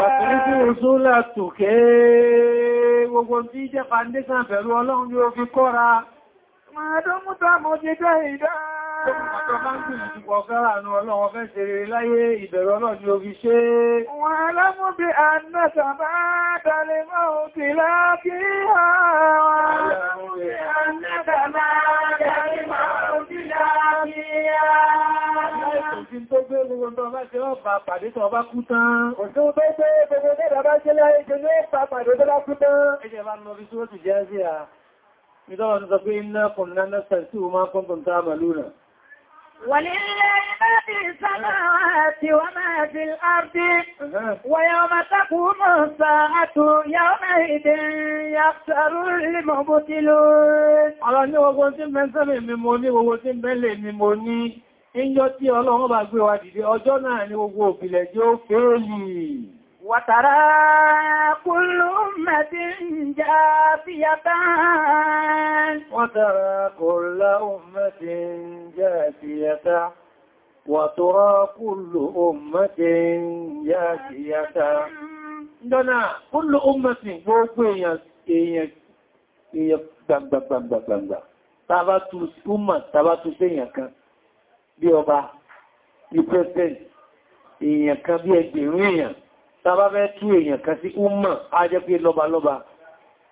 Pàtàkì òṣúlátù kéé gbogbo tí jẹ́ fàndésàn pẹ̀lú ọlọ́run yóò fi kọ́ra. Máa dúnmúta mú ti tẹ́ ìdá. Wàlámú bí ànàtà bá dalè mọ́ òkè lákí ha. Wàlámú bí ànàtà bá dalè mọ́ òkè sí tó gbé gbogbo tó bá ṣe ọ̀pá pàdé tó bá kú tán. Òṣùn tó gbé gbogbo tó bá ṣe láyé jẹ́ ní ọ̀pá pàdé tó bá kú tán. Ẹjẹ́ bá lọ bí sóòtù jẹ́ sí à. Ìjọba ń sọ pé iná kùn náà nẹ́sẹ̀ sí o máa kọ́ntọ̀ tá a màlú rẹ̀. ولله ما في السماوات وما في الأرض ويوم تقوم الساعة يومئذ يخسر المبطلون. Àwọn ní ọgbọ́n tí mẹ́sẹ̀lẹ̀ ni mo ní, gbogbo tí mẹ́lẹ̀ ni mo ní. Ìjọ tí Ọlọ́run bá gbé wa dìde, ọjọ́ náà ni gbogbo òfìlẹ̀ jẹ́ ó fèèlì. Wàtàrá kúlù mẹ́tí ń já fíyàtá. Wàtàrá kúlù mẹ́tí ń já fíyàtá. Wàtàrá kúlù mẹ́tí ń já fíyàtá. Ìjọ́nà kúlù mẹ́tí gbogbo èèyàn gbàgbàgbàgbàgbà. Tàbátù kan bí ọba bí president èèyàn kan bí ẹgbẹ̀rún èèyàn tàbá fẹ́ tú èèyàn kan sí ọmọ ajẹ́ pé lọ́balọ́ba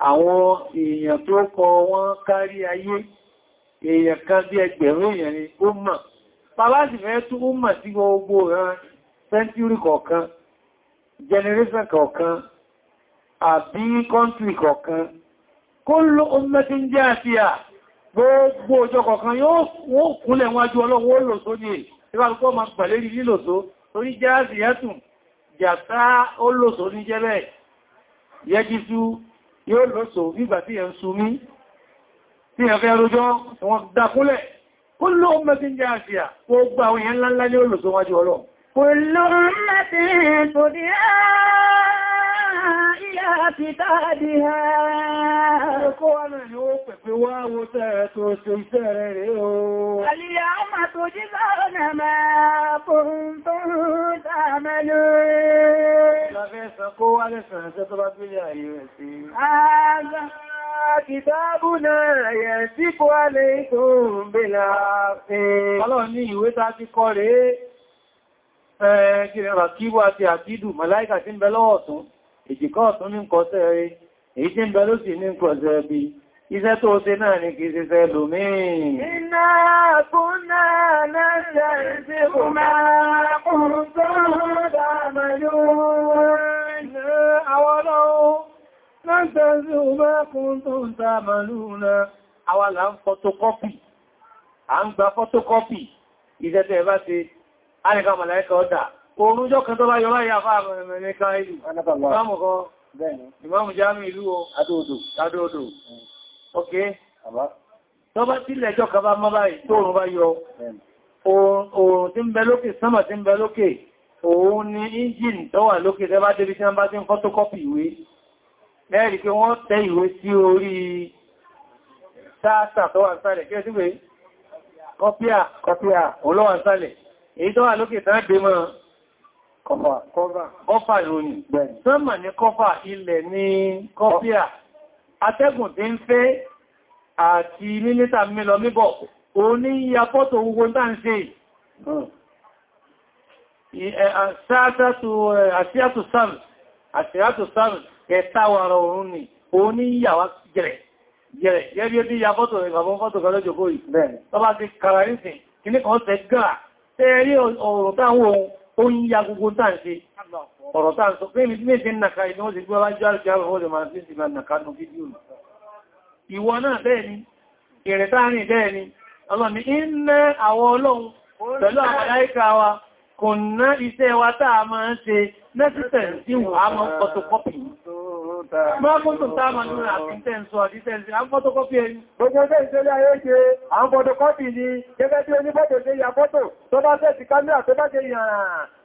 àwọn èèyàn tó kọ wọ́n kárí ayé èèyàn kan bí ẹgbẹ̀rún èèyàn ni ọmọ bàbá sì fẹ́ tú ọmọ sí gbogbo ran kó ló ọmọ tí ń jẹ́ àfíà gbogbo ọjọ́ kọ̀kan yóò kúnlẹ̀ wájú ọlọ́wọ́ olóso ní ìbárúkọ́ ma pẹ̀lẹ́ rí lílòsó torí jáàzì yẹ́tùn jàtá olóso ní jẹ́bẹ̀ yẹ́jísú yóò lóso nígbà tí ẹ̀ ń sumí tí ẹ̀ fẹ́ rojọ́ wọn dákúnlẹ̀ kó ló mẹ́sìn jáàzì à gbogbo àwọn èèyàn ńláńlá ní olóso wájú ọlọ́ كتابها اليوم تجزون ما كنتم تعملون هذا كتابنا يسيب عليكم بالعافي Ọlọ́run ní ìwé tá ti kọ rèé, ẹ̀ẹ́gìrẹ̀ ràkíwà àti àkídù, màláìkà tí ń bẹ lọ́wọ́ tún èjìká ọ̀tún ní kọsẹ̀ rẹ̀ èyí tí ń bẹ ló sì ní kọsẹ̀ bí iṣẹ́ tó ṣe náà ní kìí ṣe fẹ́ lòmín iná kúnnà lẹ́sẹ̀ sí ọmọ ọkùnrin tó dámà yóò àwọn ọlọ́run lẹ́sẹ̀ sí ọmọ ọkùnrin tó dámà lúnà àwa là ń fọ́tọ́kọ́pì Oòrùn jọ́ kan tó bá yọ láyé àfá àmẹ́rin ká ìlú. Ìmáàmù kan. Bẹ́ẹ̀ni. Ìmáàmù jámù ìlú o. Adóodò. Adóodò. Ok. Àbá. Tọ́ bá tí lẹ́jọ́ kan bá mọ́ báyìí tó oòrùn bá yọ. Oòrùn tí ń bẹ lókè, sánmà tí ń bẹ lókè, òun ni ẹ́ńjìn tó wà lókè tẹ́ bá débi tí wọ́n bá ti ń fọ́tókọ́pì ìwé. Lẹ́rìí pé wọ́n tẹ ìwé sí orí sáàtà tó wà sálẹ̀. Kí ẹ sí pé? Kọ́píà, kọ́píà, òun ló sálẹ̀. Èyí tó wà lókè tán dé mọ́ Kọfà ìròyìn. Sánmà ní kọfà ilẹ̀ ní kọfíà. Atẹ́gùn tí ń fẹ́ àti mílítà mílọ míbọ̀. O ní ya fọ́tò gbogbo ń tàn ṣe. Àṣíyàtò Sam, àṣíyàtò Sam, ẹ̀ta wàrà òun ni. O ní ya wá jẹ̀rẹ̀. Jẹ̀rẹ̀ gẹ́bí ẹbí ya fọ́tò ìgbàbọ́n fọ́tò kọlọ́jọ́ ó ń ya gbogbo táǹṣe ọ̀rọ̀ táǹṣọ pé ibi tí méjì nàka ìdí wọ́n ti gbé wájú àrùkẹ́ àwọn ọdẹ̀ máa sí ni ìrẹ̀ táàrin bẹ́ẹ̀ ni ọlọ́ni iná àwọn ọlọ́run pẹ̀lú àwọn aláìka wa kò ná iṣẹ́ wa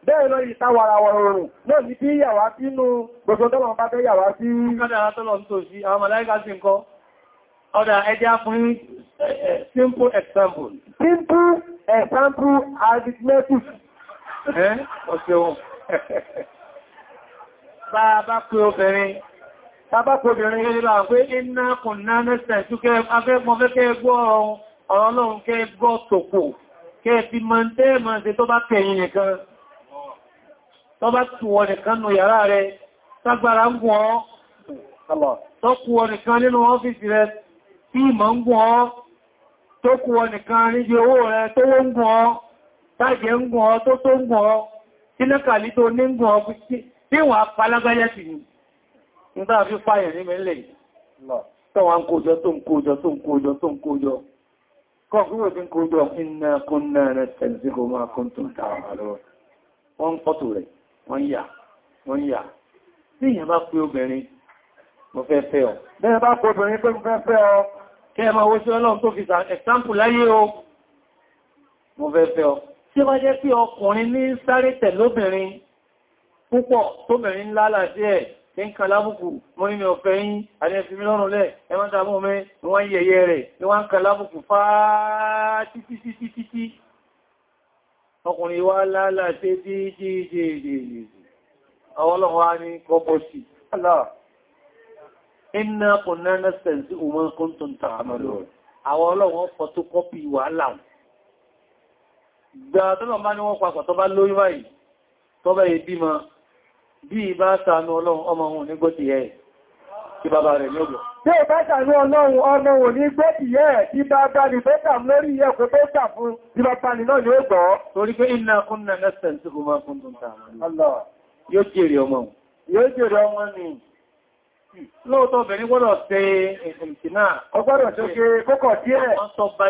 Bẹ́ẹ̀ lọ ìta wàràwọ̀ oòrùn náà ní bí yàwá sínú gbogbo tọ́lọ̀ bá fẹ́ yàwá sí. Kádàrá tọ́lọ̀ ń tò sí àwọn màláíkà sí nǹkan. Ọ̀dà ẹjá fún simple example. Simple example arithmetic. Ẹ́ ọ̀sẹ̀ wọn. Bá a bá pé Tàbákòbìnrin yìí láà pé iná kùn náà mẹ́sẹ̀ ṣúkẹ́ afẹ́gbọ́n fẹ́ kẹ́ gbọ́ ọrụ ọrụ kẹ́ gbọ́ ọrụ kẹ́ ti tẹ́ tó bá kẹ̀yìn nìkan. bá nìkan nígbà fi páyẹ̀ ní mẹ́lẹ̀ tọ́wọ́n kójọ tó ń kójọ tó ń kójọ tó ń kójọ kọfíwò tí ń kójọ iná kúnná rẹ̀ tẹ̀lẹ̀síkò máa kún tó ń tààrà lọ́wọ́ wọ́n ń pọ̀tù rẹ̀ wọ́n yà wọ́n yà tí èyàn bá pé obìnrin mo fẹ́ fẹ́ ọ bẹ́ẹ̀ bá pé obìnrin pé mo fẹ́ fẹ́ ọ kẹ́ ẹ máa wo sí fi sa ẹ̀sáǹpù láyé o mo fẹ́ ní sáré tí ń kan lábùkù mọ́ nínú ọ̀fẹ́ yìí àti ẹ̀fì mílọ́rùn lẹ̀ ẹwọ́n tàbí ọmọ ni wọ́n yẹ̀yẹ rẹ̀ ni wọ́n kan lábùkù fáá títí títí títí ọkùnrin wá lálàá sí díjíjíjíjì ọwọ́lọ́wọ́ ní kọ́bọ̀ sí aláà iná kò náà nẹ́sẹ̀ sí òun kún tó ń ta àmàlò àwọn ọlọ́wọ́n fọ́tókọ́pì wàhálà gbà tó lọ bá ní wọ́n papọ̀ tó bá lóyún báyìí tó bá yẹ bímọ bí ìbá ṣàánú ọlọ́run ọmọ òun ní gbọ́tì ẹ̀ tí bàbá rẹ̀ ní ọgbọ̀. tí ìbá ṣàánú ọlọ́run ọmọ òun ní gbọ́tì ẹ̀ tí bá bá ní fẹ́ta lórí ẹ̀ kò tó tà fún tí bá bá ní náà ní ọgbọ̀ torí pé iná kúnnà lẹ́sẹ̀ tí kò máa fún tó ń ta lóòtọ́ obìnrin wọ́n tọ́ bá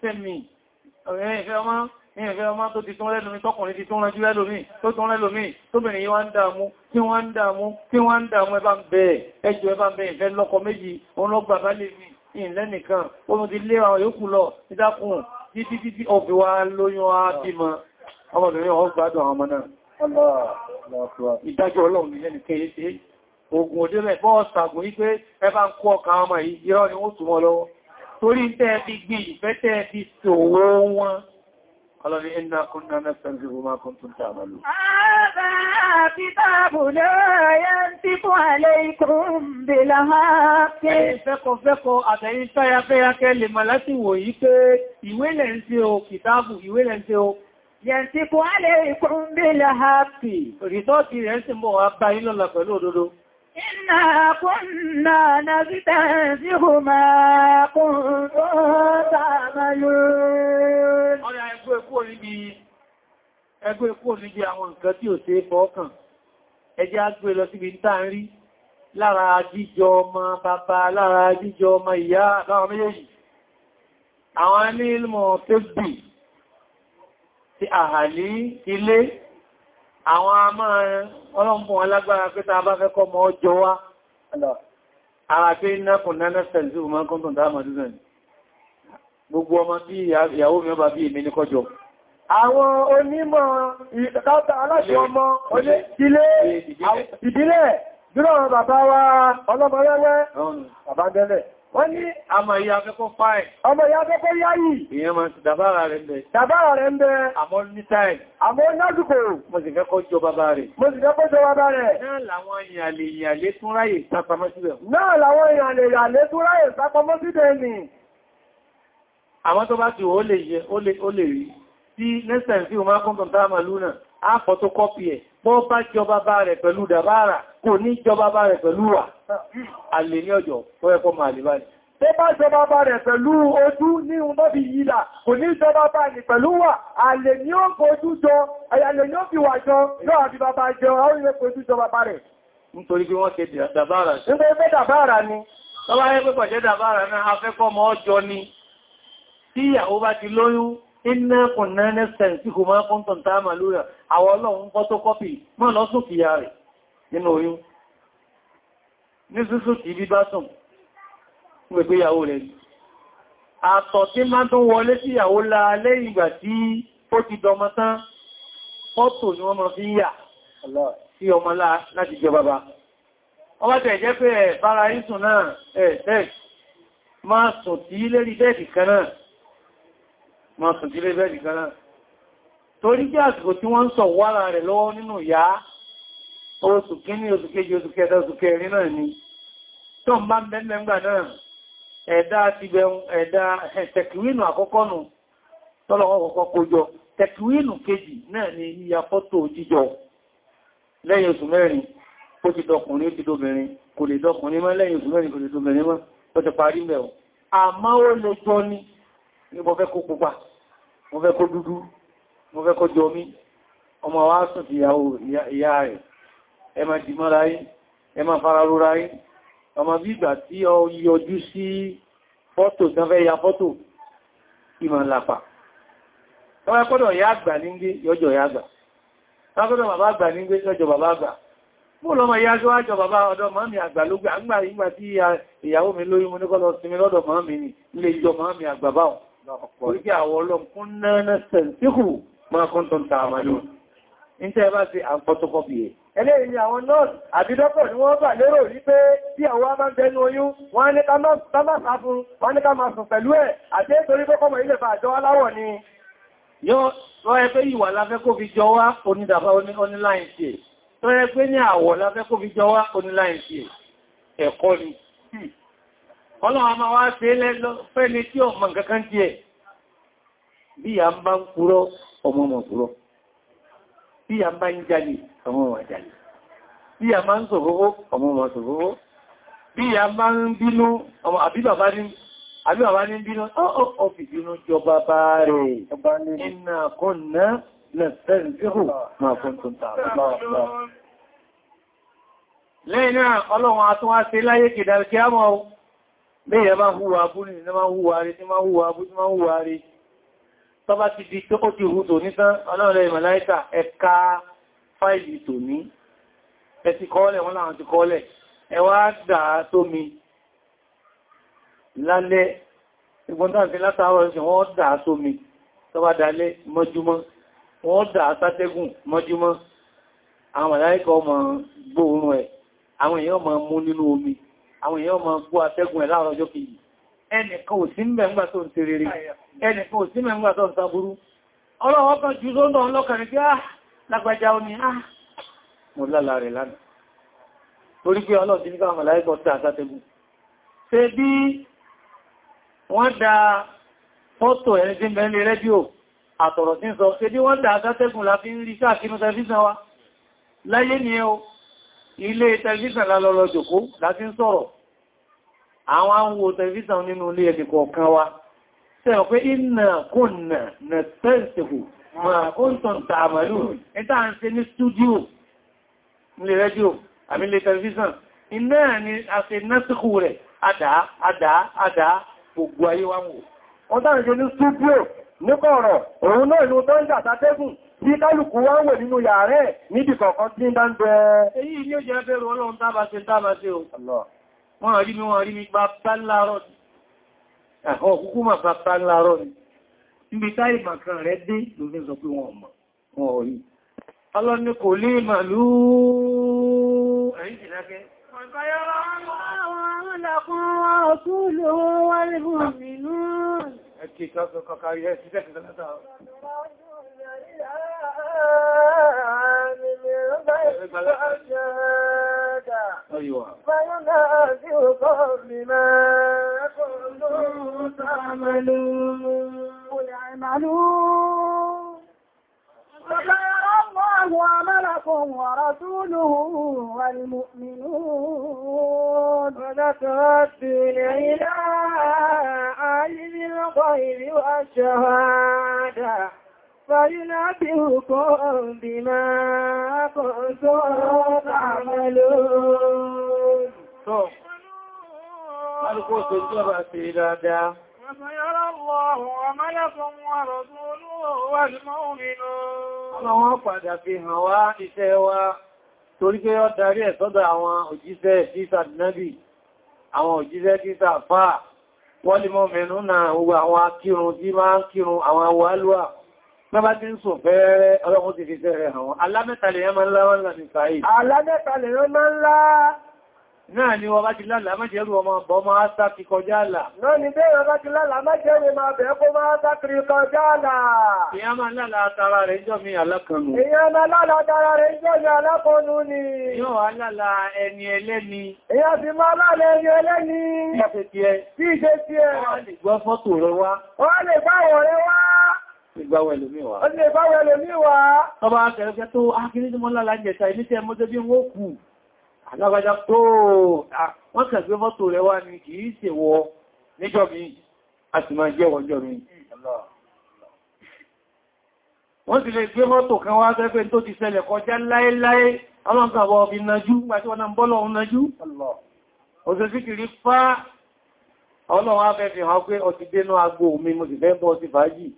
ti lè ní ẹ̀fẹ́ ọmọ tó ti tún rẹ́lómi tọkùnrin ti tún rẹ́jú rẹ́lómi tó tún rẹ́lómi tóbìnrin yíwá ń dààmú tí wọ́n ń dààmú tí wọ́n ń dààmú ẹbá ń bẹ̀ẹ̀ ẹjọ́ ẹbá ń bẹ̀ẹ̀ lọ́kọ méjì òun bá lè mi ìlẹ́nìkan títí títí ọbí wá lóyún á bímọ ọmọbìnrin ọ̀họ́ gbádùn àwọn ọmọ náà ìdájọ́ ọlọ́run nílẹ̀ nìkan yé ṣe ogun òdílẹ̀ bọ́ ṣàgùn wípé ẹbá ń kó ọkà ọmọ yìí irọ́ ni wọ́n túnmọ́ lọ́wọ́ torí tẹ́ẹ̀ fi gbìn ìfẹ́ tẹ́ẹ̀ fi ṣòwò wọn قال لي إنا كنا نستنزف ما كنتم تعملون هذا كتاب لا ينطق عليكم بالحق فقه فقه أتعيش يا فيا كلمة لا تويك ìwé lẹ̀ ń tí o kìtàbù ìwé lẹ̀ ń tí o yẹ̀ntí kò á lè kún bí lẹ́ hàpì rìtọ́tì rẹ̀ ń sì mọ́ wà bá yín lọ́la pẹ̀lú òdodo iná kúnnà náà sí tẹ́ sí hù máa tó sàmàlú níbi ẹgbẹ́ kó níbi àwọn nǹkan tí ò ṣe é fọ́ọ̀kàn ẹjẹ́ agbé lọ síbi tá ń rí lára jíjọ ọmọ bàbá lára jíjọ ọmọ ìyá láwọn méjèèjì àwọn anílmọ̀ tó bì ti àhàlí ilé àwọn amá ọlọ́mbọ̀n alágbára pé ta bá fẹ́kọ́ mọ́ ọjọ́ wá ara pé nákùn náà sẹ̀lẹ̀ sí ọmọ kọ́ntùn dámà dúdẹ̀ gbogbo ọmọ tí ìyàwó mi ọba bí èmi ní kọjọ àwọn onímọ̀ ìtàkátà aláṣẹ ọmọ ilé ìdílẹ̀ dúró bàbá wa ọlọ́mọ rẹ́rẹ́ bàbá gẹ́lẹ̀ wọ́n ní àmà ìyá afẹ́kọ́ fáì ọmọ ìyá afẹ́kọ́ yáyì èèyàn ma ti dàbára rẹ̀ mẹ́ dàbára rẹ̀ mẹ́ àmọ́ ní táì àmọ́ lásìkò mo sì fẹ́ kọ́ jọ bàbá rẹ̀ mo sì fẹ́ kọ́ ni àwọn tó bá ti ó lè rí tí lẹ́sẹ̀ sí o máa kún tọ̀tà màlú náà á fọ́tó kọ́pì ẹ̀ bọ́ bá jọba bá rẹ̀ pẹ̀lú dàbára kò ní jọba bá rẹ̀ pẹ̀lú wà alè ní ọjọ́ tó ẹkọ́ máa lè báyìí tó bá jọba bá rẹ̀ pẹ̀lú ojú ní ọmọbí yìlá kò ní jọba bá rẹ̀ pẹ̀lú wà alè ní ó kojú jọ alè ní ó fi wà jọ náà àti bàbá jọ àwọn dàbára ni tọ́wọ́ ayé pẹ́pọ̀ náà afẹ́kọ́ mọ́ ọjọ́ ni tí ìyàwó bá ti lóyún iná kùnná nẹ́sẹ̀n tí kò máa kún tọ̀ntà àmà lórí àwọn ọlọ́run fọ́tọ́kọ́pì máa lọ sókè ya rẹ̀ nínú oyún ní sísù tí bí bá sùn gbẹ̀gbẹ̀ ìyàwó rẹ̀ àtọ̀ tí máa tún wọlé sí ìyàwó láalẹ́ ìgbà tí ó ti dọmọ tán fọ́tò ni wọ́n máa fi yà sí ọmọ láti jẹ bàbá ọba tẹ̀ jẹ́ pé ẹ̀ ma sùn sílé bẹ́ẹ̀dì kan náà torí jẹ́ àsìkò tí wọ́n ń sọ wára rẹ̀ lọ́wọ́ nínú ìyá oṣù kíní oṣù kejì oṣù kẹta oṣù kẹrin náà ni tó ń bá ń bẹ́ẹ̀ mẹ́gbà náà ẹ̀dá ti bẹun ẹ̀dá tẹ̀kìwínù àkọ́kọ́ nù tọ́lọ̀wọ́ kọ́kọ́ kójọ tẹ̀kìwínù kejì náà ni yíya fọ́tò jíjọ lẹ́yìn oṣù mẹ́rin ó ti dọkùnrin ó ti dóbìnrin kò lè dọkùnrin mọ́ lẹ́yìn oṣù mẹ́rin kò lè dóbìnrin mọ́ ó ti parí mẹ́wọ̀ àmá ó lè jọ ní ìbọ̀fẹ́ kó pupa mo fẹ́ kó dúdú mo fẹ́ kó jọ mí ọmọ wa sùn ti ìyàwó ìyá rẹ̀ ẹ ma dìmọ́ ráyí ẹ ma fara rú ráyí ọmọ bí ìgbà tí ọ yọjú sí fọ́tò tán fẹ́ ya fọ́tò ìmọ̀ lápá ọmọ ẹkọ́dọ̀ ya àgbà nígbé yọjọ́ ya àgbà ọmọkọ́dọ̀ bàbá àgbà nígbé yọjọ́ bàbá àgbà mú lọmọ ìyá tó wájọ bàbá ọ̀dọ̀ mọ́mí àgbà ló gbà nígbà tí ìyàwó mi lóyún mú ní kọ́lọ̀ sinmi lọ́dọ̀ mọ́mí ní ilé ìjọ mọ́mí àgbà báwọn Oríkẹ́ àwọn ọlọ́pùn náà náà sẹ̀ntíkù máa kún tó ń ta àmàlò. Ìjẹ́ bá ti àpọ̀tọ̀kọ́bì ẹ̀. Ẹlẹ́yìn ni àwọn nọ́ọ̀sì àti dọ́kọ̀ ni wọ́n bà lérò rí pé tí àwọn a máa ń tẹnu oyún, wọ́n á ní ká máa sáfún, wọ́n á ní ká máa sùn pẹ̀lú ẹ̀, àti ètorí pé kọmọ ilẹ̀ bàjọ́ aláwọ̀ ni. Yọ́ sọ ẹ ìwà láfẹ́ kó fi jọ wá onídàbá oníláìn sí ẹ̀. ní àwọ̀ láfẹ́ kó fi jọ wá oníláìn Ẹ̀kọ́ ni ọlọ́wà máa wá ṣe fẹ́ni tí ọmọ nǹkankan tí ẹ̀ bí a ń bá ń kúrọ́ ọmọ ọmọ kúrọ́ bí a bá ń jalè ọmọ ọmọ jalè bí a máa ń sòfófó ọmọ ọmọ sòfófó bí a máa ń bínú ọmọ àbí bàbá ní bínú ọ́fìsínú jọba bá rẹ̀ iná kọ́nà na tẹ́rìndíhù máa fún tó Béèyàn máa ń húwa bú ní ìdí máa ń húwa rí, tí máa ń húwa bú, tí máa ń húwa rí. Tọ́bá ti di tó ti hù tò ní tán, ọlọ́rẹ̀ ìmọ̀láíkà ẹ̀ka fáìlì tò ní. Ẹ ti kọ́ọ́lẹ̀ wọ́n láwọn ti kọ́ọ́lẹ̀. Ẹ wá dàá tó mi lálẹ́ ìgbọ́ntàntí látàárọ̀ ṣe wọ́n dà sómi tọ́bá dalẹ́ mọ́júmọ́ wọ́n dà sátẹ́gùn mọ́júmọ́ àwọn àláìkọ́ ọmọ gbóòrùn àwọn èèyàn máa gbọ́ atẹ́gùn ẹ̀ láàrọ̀ ọjọ́ kìí ẹnìkan ò sí mẹ́ngbà tó ń ti rere ẹnìkan ò sí mẹ́ngbà tó ń sàbúrú ọlọ́wọ́ kan jù lọ́nà ọlọ́kàrin pé áà ah, lágbàjá omi áà ah. mo lálà rẹ̀ lánàá torí pé ọlọ́dún nígbà màláìkọ̀ tí àtàtẹ́gùn ṣe bí wọ́n da fọ́tò ẹni tí mẹ́lẹ̀ rédíò àtọ̀rọ̀ tí ń sọ ṣe bí wọ́n da àtàtẹ́gùn la fi ń rí sáà kínú tẹfíṣàn wa láyé ni ẹ́ o ilé tẹlifíṣàn lálọ́lọ́ jòkó láti ń sọ̀rọ̀ àwọn àwọn tẹlifíṣàn nínú ilé ẹnìkọ̀ọ̀kan wa sẹ́wọ̀n pé iná kùnà na tẹ́sìkù ma ó ń tàn tààmàlù níta ń ṣe ní stúdíò nílé rẹ́díò àmì ilé tẹlifíṣàn iná ni a ṣe násìkù rẹ̀ àdá àdá àdá gbogbo ayé bí kálùkù wá ń wẹ̀ nínú yàrá níbi kọ̀ọ̀kan tí ń dáńgbẹ́ èyí ni ó jẹ́ bẹ̀rù ọlọ́run tábà ṣe wọ́n rí mi wọ́n rí mi bàbá láàárọ̀ ni ẹ̀họ́ kúkú mà bàbá láàárọ̀ ni níbi táì màkan rẹ̀ dé lórí sọ pé wọ́n mọ̀ wọ́n rí ọlọ́ni kò lè màlú ẹ̀yìn ìdákẹ́ Ẹkì kan sọ kọkàrí ẹ̀ sí tẹ́kì tẹ́lẹ́ta. أيوة فينازعكم بما كنتم تعملون قل الله عملكم ورسوله والمؤمنون فتتردون إلى عالم الغيب والشهادة فينبئكم بما كنتم تعملون Alúkó tó tí ọba ṣe dáadáa. Wàtàyọ́rọ̀ Allahu wa malakum wa rasuluhu wal mu'minun. Ọmọ wọn padà fi hàn wá iṣẹ́ wa torí pé ó darí ẹ̀ sọ́dọ̀ àwọn òjíṣẹ́ títà nábì, àwọn òjíṣẹ́ títà fáà, wal mu'minuna gbogbo àwọn akírun tí máa ń kírun àwọn awọ́lúwà. Bábá tí ń sọ fẹ́ẹ́rẹ́ ọlọ́run ti fi fẹ́ẹ́rẹ́ àwọn. Alámẹ́tàlẹ̀ yẹn máa ń lá wọ́n láti Alámẹ́tàlẹ̀ yẹn máa Náà ni wọ́n bá ti lálàá májẹ̀rù ọmọ ọ̀bọ̀ ọmọ ásá fi kọjá àlà. Náà ni bẹ́ẹ̀ bá ti lálàá ma bẹ̀ẹ́ kó máa sá kiri kọjá àlà. Èyàn mi alákanù. Èyàn máa lálàá tara rẹ̀ jọ mi alákanù ni. Yóò wá lálàá ẹni ẹlẹ́ni. Èyàn ti máa lálàá ẹni ẹlẹ́ni. Tí ìṣe ti ẹ. Tí ìṣe ti ẹ. Wọ́n ìgbàwẹ̀ lómi wà. Ó ní ìbáwẹ̀ lómi wà. Tọba akẹ̀rẹ̀kẹ́ tó ákìrí ní mọ́lá lájẹta ilé tẹ́ mọ́jọ́ bí wọ́n kù. Àgbàgbàjá tó wọ́n kẹ̀gbé mọ́tò rẹ̀ wá ní kìí ṣe wọ níjọ́ mi, a sì máa jẹ́ wọ́jọ́ mi. Wọ́n sì lè gbé mọ́tò kan wá sẹ́fẹ́ tó ti ṣẹlẹ̀ kọjá láéláé, ọlọ́nkàwọ̀ ọbí najú, gbàtí wọ́n náà bọ́lọ̀ najú. Òṣèṣìkìrí fá, ọlọ́run á fẹ́ fi hàn pé dénú agbó mi, mo sì fẹ́ bọ́ sí fàájì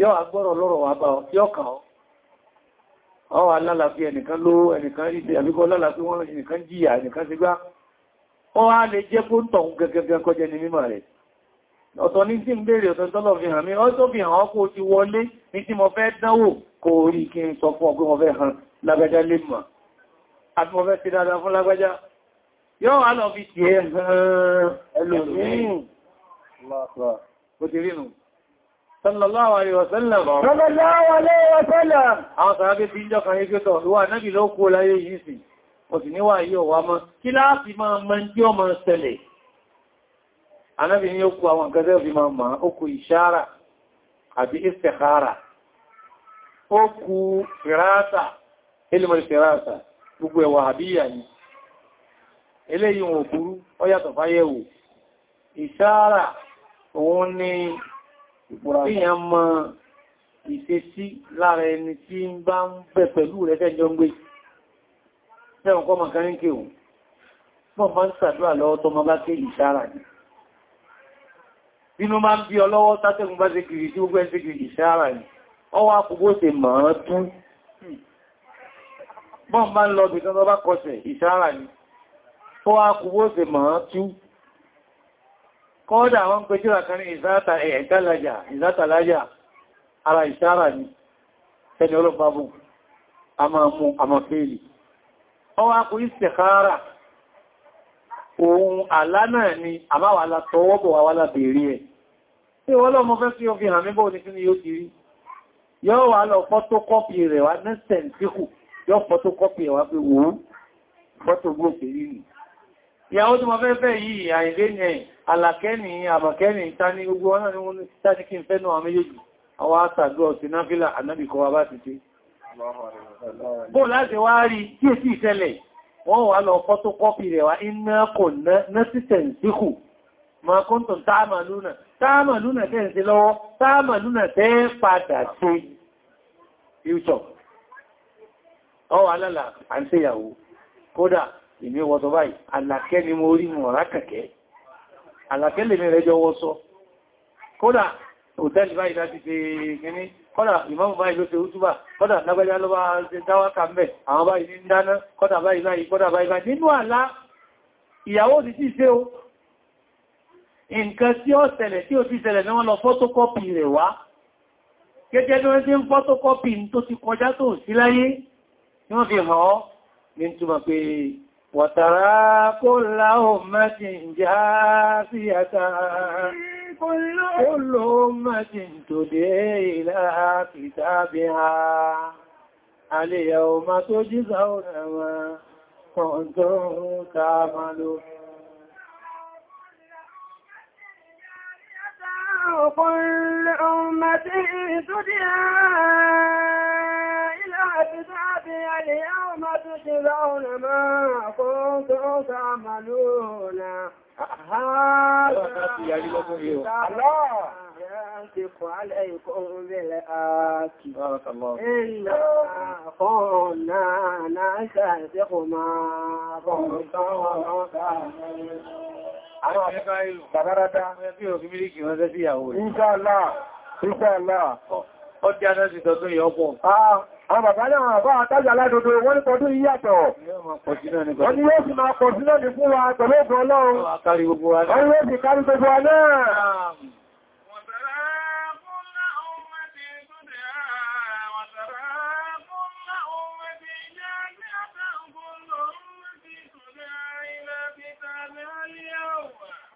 yọ́ agbọ́rọ̀ lọ́rọ̀ wà bá yọ́ kà ọ́ ọwà lálàfí ẹnìkan ló ẹnìkan ìdí àbíkọ́ lálàfí wọ́n ẹnìkan jíyà ẹnìkan ti gbá wọ́n á lè jẹ́ kó tọ̀ gẹ́gẹ́gẹ́ kọjẹ ní mímọ̀ rẹ̀ ọ̀tọ̀ ní tí ń bèèrè ọ̀tọ̀ tọ́lọ̀ fi hàn mí ọ́tọ́ fi hàn ọkọ̀ ti wọlé ní tí mo fẹ́ dánwò kò rí kí n sọ fún ọgbọ́n mo fẹ́ hàn lágbájá lè mọ̀ àti mo fẹ́ ti dáadáa fún lágbájá yọ́ Sallallahu alayhi wa sallam. Sallallahu alayhi wa sallam. Àwọn sàrábé bí ìjọ kan yíkẹ́ tọ̀ lówà náà bí ló kó láyé yìí sí, kò sì níwà yí ọwà mọ́, kí láàfi máa mọ́ tí ó máa ṣẹlẹ̀. Anábi ni ó kú àwọn gẹ́gẹ́ fi máa máa, ó kú firasa, ilmọ̀ firasa, gbogbo ẹwà àbíyà ni. Eléyìí wọn ò yàtọ̀ fáyẹ̀wò. Ìṣára, òun ni Èèyàn mọ ìṣesí lára ẹni tí ń bá ń bẹ̀ pẹ̀lú rẹ̀ tẹ́jọ ń gbé. Tẹ́wọ̀n kọ́ màkà ní kéwò. Mọ́ bá ń sàdúrà lọ́wọ́ tọ́mọ bá ké ìṣára ní. Bínú máa ń bí ọlọ́wọ́ tátẹ́gùn bá ṣe kìrì tí ó gbẹ́ ṣe kìrì ìṣára ní. Ọwọ́ àkùgbó ṣe màá kọ́dà wọ́n pẹ̀ tíra kan ní ìzáta ẹ̀ẹ̀kálàjà ìzátàlájà ara ìṣára ni ẹni ọlọ́pàábù a máa mú àmàfèèlì wọ́n wá kú ìsẹ̀kára ohun àlá náà ni àmáwàlá tọwọ́bọ̀ wàwàlá bèèrè ẹ̀ tí wọ́n lọ́mọ fẹ́ sí ọfihàn mímọ́ ní kíni yóò ti rí yóò wà lọ fọ́tókọ́pì rẹ̀ wá nẹ́sẹ̀ yóò fọ́tókọ́pì rẹ̀ wá pé wòó fọ́tógbò pèrí nìí ìyàwó tí mo fẹ́ fẹ́ yìí àìdé ní ẹ̀yìn alàkẹ́ni àbàkẹ́ni tání gbogbo ọ̀nà ni wọ́n tàbí kí n fẹ́ náà méjèèjì àwọn àtàgbọ́ sí náfílà ànábìkọ́ wa bá ti tí bó láti wá rí tí èsì ìṣẹ̀lẹ̀ wọ́n wà lọ fọ́tókọ́pì rẹ̀ wá iná kò nẹ́sìtẹ̀ǹsíkù ma kóntùn táàmàlúnà táàmàlúnà tẹ́ ń ṣe lọ́wọ́ táàmàlúnà tẹ́ padà sí future kódà èmi wọ́sọ báyìí àlàkẹ́ ni mo rí mọ̀ rákàkẹ́ àlàkẹ́ lè mẹ́rẹ jọ wọ́sọ kódà òtẹ́lì báyìí láti ṣe gíní kódà ìmáàmù báyìí ló ṣe útúbà kódà lágbẹ́lá ló bá ṣe dáwákà mẹ́ àwọn báyìí ní dáná kódà báyìí báyìí kódà báyìí báyìí nínú àlá ìyàwó ti ti ṣe o nǹkan tí ó ṣẹlẹ̀ tí ó ti ṣẹlẹ̀ náà lọ fọ́tókọ́pì rẹ̀ wá gẹ́gẹ́ bí wọ́n tí ń fọ́tókọ́pì tó ti kọjá tó sí láyé tí wọ́n fi hàn ọ́ ní túnmọ̀ pé وترى كل أمة جاثية كل أمة تدعي إلى كتابها اليوم تجزون ما كنتم تعملون كل أمة تدعي إلى كتابها ni اليوم Àwọn akẹ́kọ̀ọ́ ìlú, bàbá rátá, ẹgbẹ́ wọ́n tẹ́ sí ìyàwó. Inshallah, inshallah ọdí anájú tọ́tún yọ pọ̀. Ah, àwọn bàbá náà àbá àtàjà aládodo wọ́n ní pọ̀dún yíyàtọ̀. Wọ́n ni yóò sì máa pọ̀ sí lónìí fún wa pẹ̀lú ògbọ́n Ọlọ́run. Wọ́n yóò sì kárí gbogbo wa náà.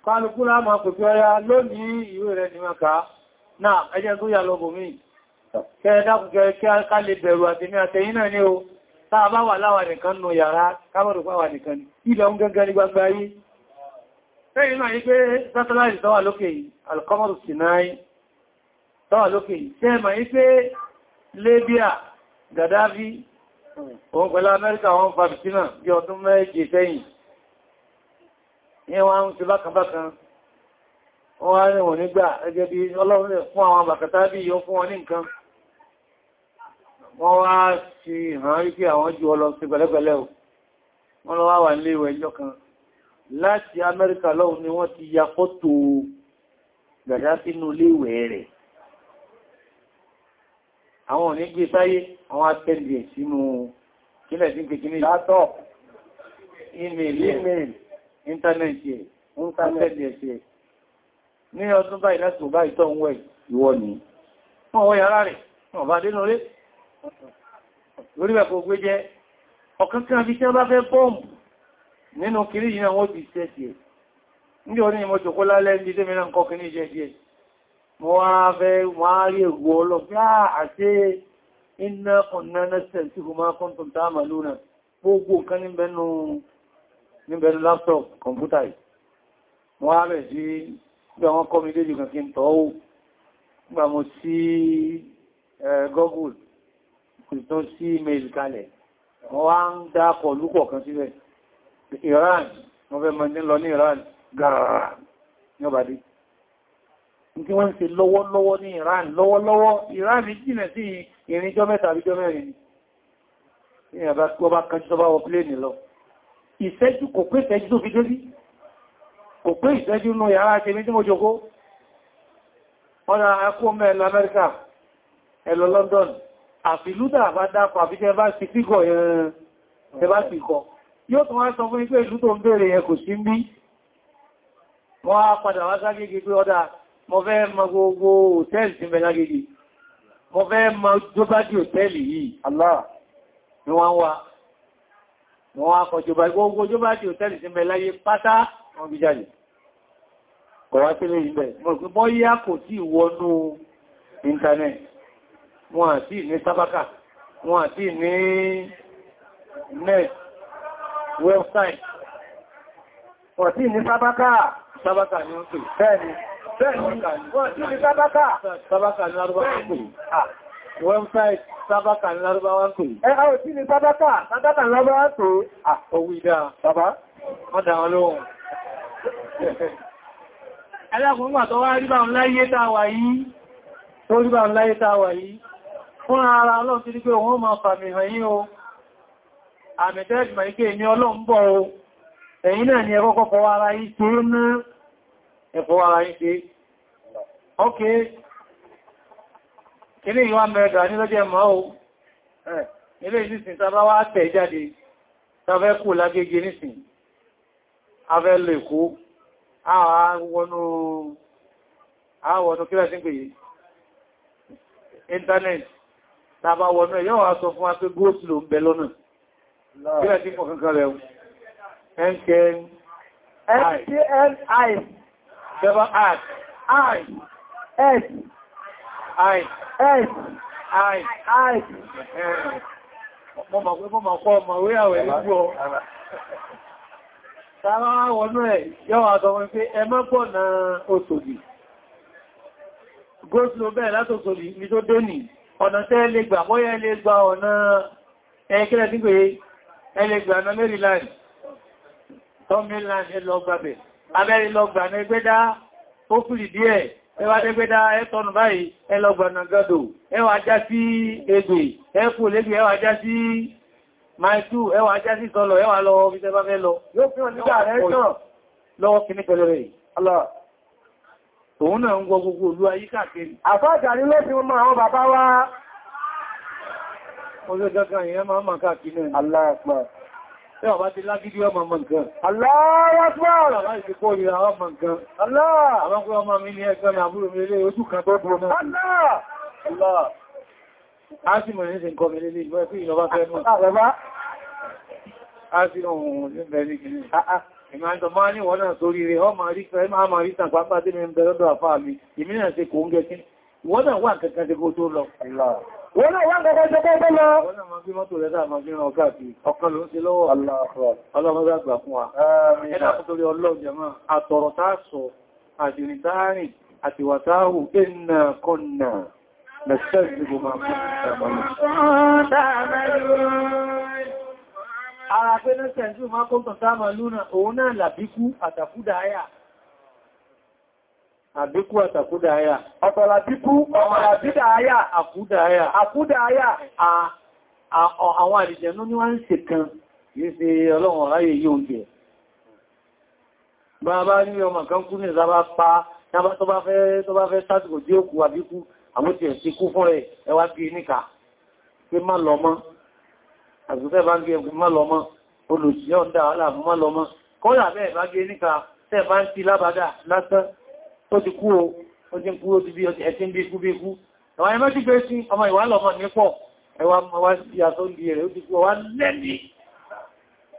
Kálukú láàmà kò fi ọya lónìí ìwé rẹ̀ ni máa ká. Náà, ẹjẹ́ tó yà lọ́bọ̀ míì kẹ́ẹ̀dàkùnkẹ́ kí a lè bẹ̀rù àti ní o táa bá wà láwà nìkan nù yàrá kábọ̀dù pàwà nìkan ní ilẹ̀ oúnjẹ gẹ́gẹ́ ní gbangba yí fẹ́yìn náà yí pé sátẹ́láìtì tọ́wà lókè yìí alkọmọ̀rù sinai tọ́wà lókè yìí tẹ́ẹ̀mà yí pé Libya Gaddafi òun pẹ̀lú Amẹ́ríkà wọn fàbìtínà bí ọdún méje sẹ́yìn ní wọn ti bákanbákan wọ́n wá ní wọn nígbà ẹgẹ́ bí ọlọ́run fún àwọn àbàkàtà bí yóò fún wọn ní nǹkan wọ́n wá fi hàn rí pé àwọn jù ọlọ sí pẹ̀lẹ́pẹ̀lẹ́ o wọ́n lọ wá wà nílé ìwẹ̀ ìjọ kan láti Amẹ́ríkà lọ́hùn ni wọ́n ti ya fọ́tò gàdá sínú ilé ìwẹ̀ rẹ̀ àwọn òní gbé sáyé àwọn atẹ́lẹ̀ sínú kílẹ̀ sí pé látọ̀ email email intanẹ́ẹ̀tì ẹ̀ ń tàbẹ̀lẹ̀ ẹ̀ ní ọdún báyìí láti ọba ìtọ́ ń wẹ̀ ìwọ ni wọ́n wọ́n yàrá rẹ̀ wọ́n lórí ẹ̀kọ́ gbé jẹ́ ọ̀kankan bí tí wọ́n bá fẹ́ bọ́ọ̀mù nínú kiri yìí wọ́n ti ṣẹ́ sí ẹ̀ ní orí ni mo jòkó lálẹ́ ní ilé mìíràn kọ́ kìí jẹ́ díẹ̀ mo wá fẹ́ wá rí ègbò ọlọ́pẹ́ àti iná ọ̀nà nẹ́sẹ̀ tí kò máa kọ́ tuntun àmà laptop kọmpútà yìí mo wá bẹ̀ sí gbà wọ́n kọ́ mi dé jù ìtàn sí email kalẹ̀ wọ́n ń dákọ̀ lúpọ̀ kan sílẹ̀ Iran wọ́n fẹ́ mọ́ ní ní Iran gàrà ní ọbàdí tí wọ́n ń ṣe lọ́wọ́lọ́wọ́ ní Iran lọ́wọ́lọ́wọ́ Iran jìnà sí ìrìnjọ́ mẹ́ta àbíjọ́ mẹ́rin ní ọba kanjú tó bá wọ pléènì lọ ìṣẹ́jú kò pé ìṣẹ́jú tó fi dé sí kò pé ìṣẹ́jú nú yàrá ṣe méjì mọ́ jogó ọ̀nà ẹkùn London àfìlúdà bá dápọ̀ àfi tẹ́ bá ti kíkọ̀ ẹran tẹ́ bá ti kọ̀ yóò tún wá sọ fún ipé ìlú tó ń bèèrè ẹ kò sí ń bí wọ́n á padà wá ságége pé ọ́dá mo fẹ́ mọ gbogbo hòtẹ́ẹ̀lì tí ń bẹ lágége mo fẹ́ mọ jóbájì hòtẹ́ẹ̀lì yìí Allah ni wọ́n wá wọ́n á kọ̀ jọba gbogbo jóbájì hòtẹ́ẹ̀lì tí ń bẹ láyé pátá wọ́n bí jáde mo rò pé bọ́ yá kò wọn àti ní sábákà wọn àti ní net website wọn àti ní sábákà sábákà ní oṣù bẹ́ẹ̀ni sábákà ní arúgbà website sábákà ní lárúbáwá ń pè ẹ a ò tí ni sábákà sábákà ní lárúbáwá ń pè à owó ìdá bàbá wọ́n dà wọn lóhun ẹlẹ́kùnrin àtọwà rí bá ń láyé tàwà yìí fún ara ọlọ́run ti rí pé wọ́n máa fàmì hàn yí o àmì tẹ́ẹ̀kìmà ike èmi ọlọ́run o ẹ̀yin náà ni ẹkọ́kọ́ fọwọ́ ara yí ṣe ná ẹ̀fọwọ́ ara yí ṣe ókè ilé ìwà mẹ́rẹ̀dà ní lọ́jẹ́ mọ́ o ilé ìsìsìn tàbá wá tẹ̀ jáde tàbẹ́ kù lágége nísìn afẹ́ lè internet tàbá wọnú ẹ̀ yọ́ wà sọ fún wa pé góòtù ló ń bẹ lọ́nà gílẹ̀ tí kọ̀kan kan rẹ̀ Tàbá wọnú ẹ̀ yọ́ wà sọ fún pé ẹ mọ́ pọ̀ náà Òṣòdì. Góòtù ló bẹ̀rẹ̀ látòṣòdì ní tó dé nìí ọ̀nà tẹ́ lè gbà bóyá lè gba ọ̀nà ẹ̀kẹ́lẹ̀ tí pé ẹlẹ́gbà ọ̀nà maryland tom maryland ẹlọgbàbẹ̀ abẹ́rin lọgbà ní ẹgbẹ́dá ó fìrì díẹ̀ ẹwà dẹ́gbẹ́dá ẹtọ́nù báyìí ẹlọgbà na gado ẹwà já sí egbè ẹkù lẹ́gbì ẹwà já sí maitu ẹwà já sí sọlọ ẹwà lọ ọbí tẹ́bá fẹ́ lọ yóò fi òun náà ń gbọ́ gbogbo olú ayé káàkiri. Àfáàjàrí lọ́sìn ọmọ àwọn bàbá wa. Oṣù gangan ìyẹn máa máa káàkiri náà. Allahu Akbar. Tí ọba ti lágídí ọmọ ọmọ nǹkan. Allahu Akbar. Bàbá ìsìnkú ìrà ọmọ nǹkan. Allah. Àwọn pé ọmọ mi ní ẹgbẹ́ mi àbúrò mi lé oṣù kan tó dúró náà. Allah. Allah. A sì mọ̀ ní ṣe nǹkan mi lélé ìgbẹ́ fún ìlọ́bá fẹ́ mọ̀. Ah, Àbẹ̀bá. A sì rọ̀ òun ní bẹ̀rẹ̀ Ìmọ̀ àjọmọ́ ní wọ́n náà sórí rẹ̀, ọ máa rí fẹ́ máa máa rí tàn pápá tí mi ń bẹ̀rẹ̀ lọ́dọ̀ àfáà mi, ìmìnà ṣe kò ń gẹ́ kí. Wọ́n náà wà kankan ṣe kó tó lọ. Wọ́n náà wà kankan ṣe kó tó lọ. Wọ́n náà máa bí mọ́tò rẹ̀ dáa máa bí rán ọkà ara pé lẹ́sẹ̀ tí ó máa kọ́ tọ̀tàmà lúnà òun náà làbíkú àtàkúdàáyà àbíkú àtàkúdàáyà ọ̀tọ̀làbíkú ọ̀làbídàáyà àkúdàáyà àkúdàáyà àwọn àdìjẹ̀nú ní wọ́n ń ṣe kan yìí ṣe ọlọ́run ráyè yóò jẹ bàbá ní ọmọ kan kú ní ìzábá pa tó bá fẹ́ sásìkò jí òkú àbíkú àmúti ẹ̀ sí kú fún rẹ̀ ẹwà bí e níka pé má lọ àgbẹ̀fẹ́ bá ń gé egun mọ́ lọ́mọ́ olùsíọ́ ń dá wàhálà mọ́ lọ́mọ́ kọ́lá bẹ́ẹ̀ bá gé níka tẹ́ bá ń ti lábádà lásán ó ti kú o ó ti kú ó ti bí ẹ̀sìn bí ikú bí ikú àwọn ẹmọ́ ti gbé sí ọmọ ìwà lọ́mọ nípọ̀ ẹwà wá sí àtọ́ ń di rẹ̀ ó ti kú wá lẹ́ni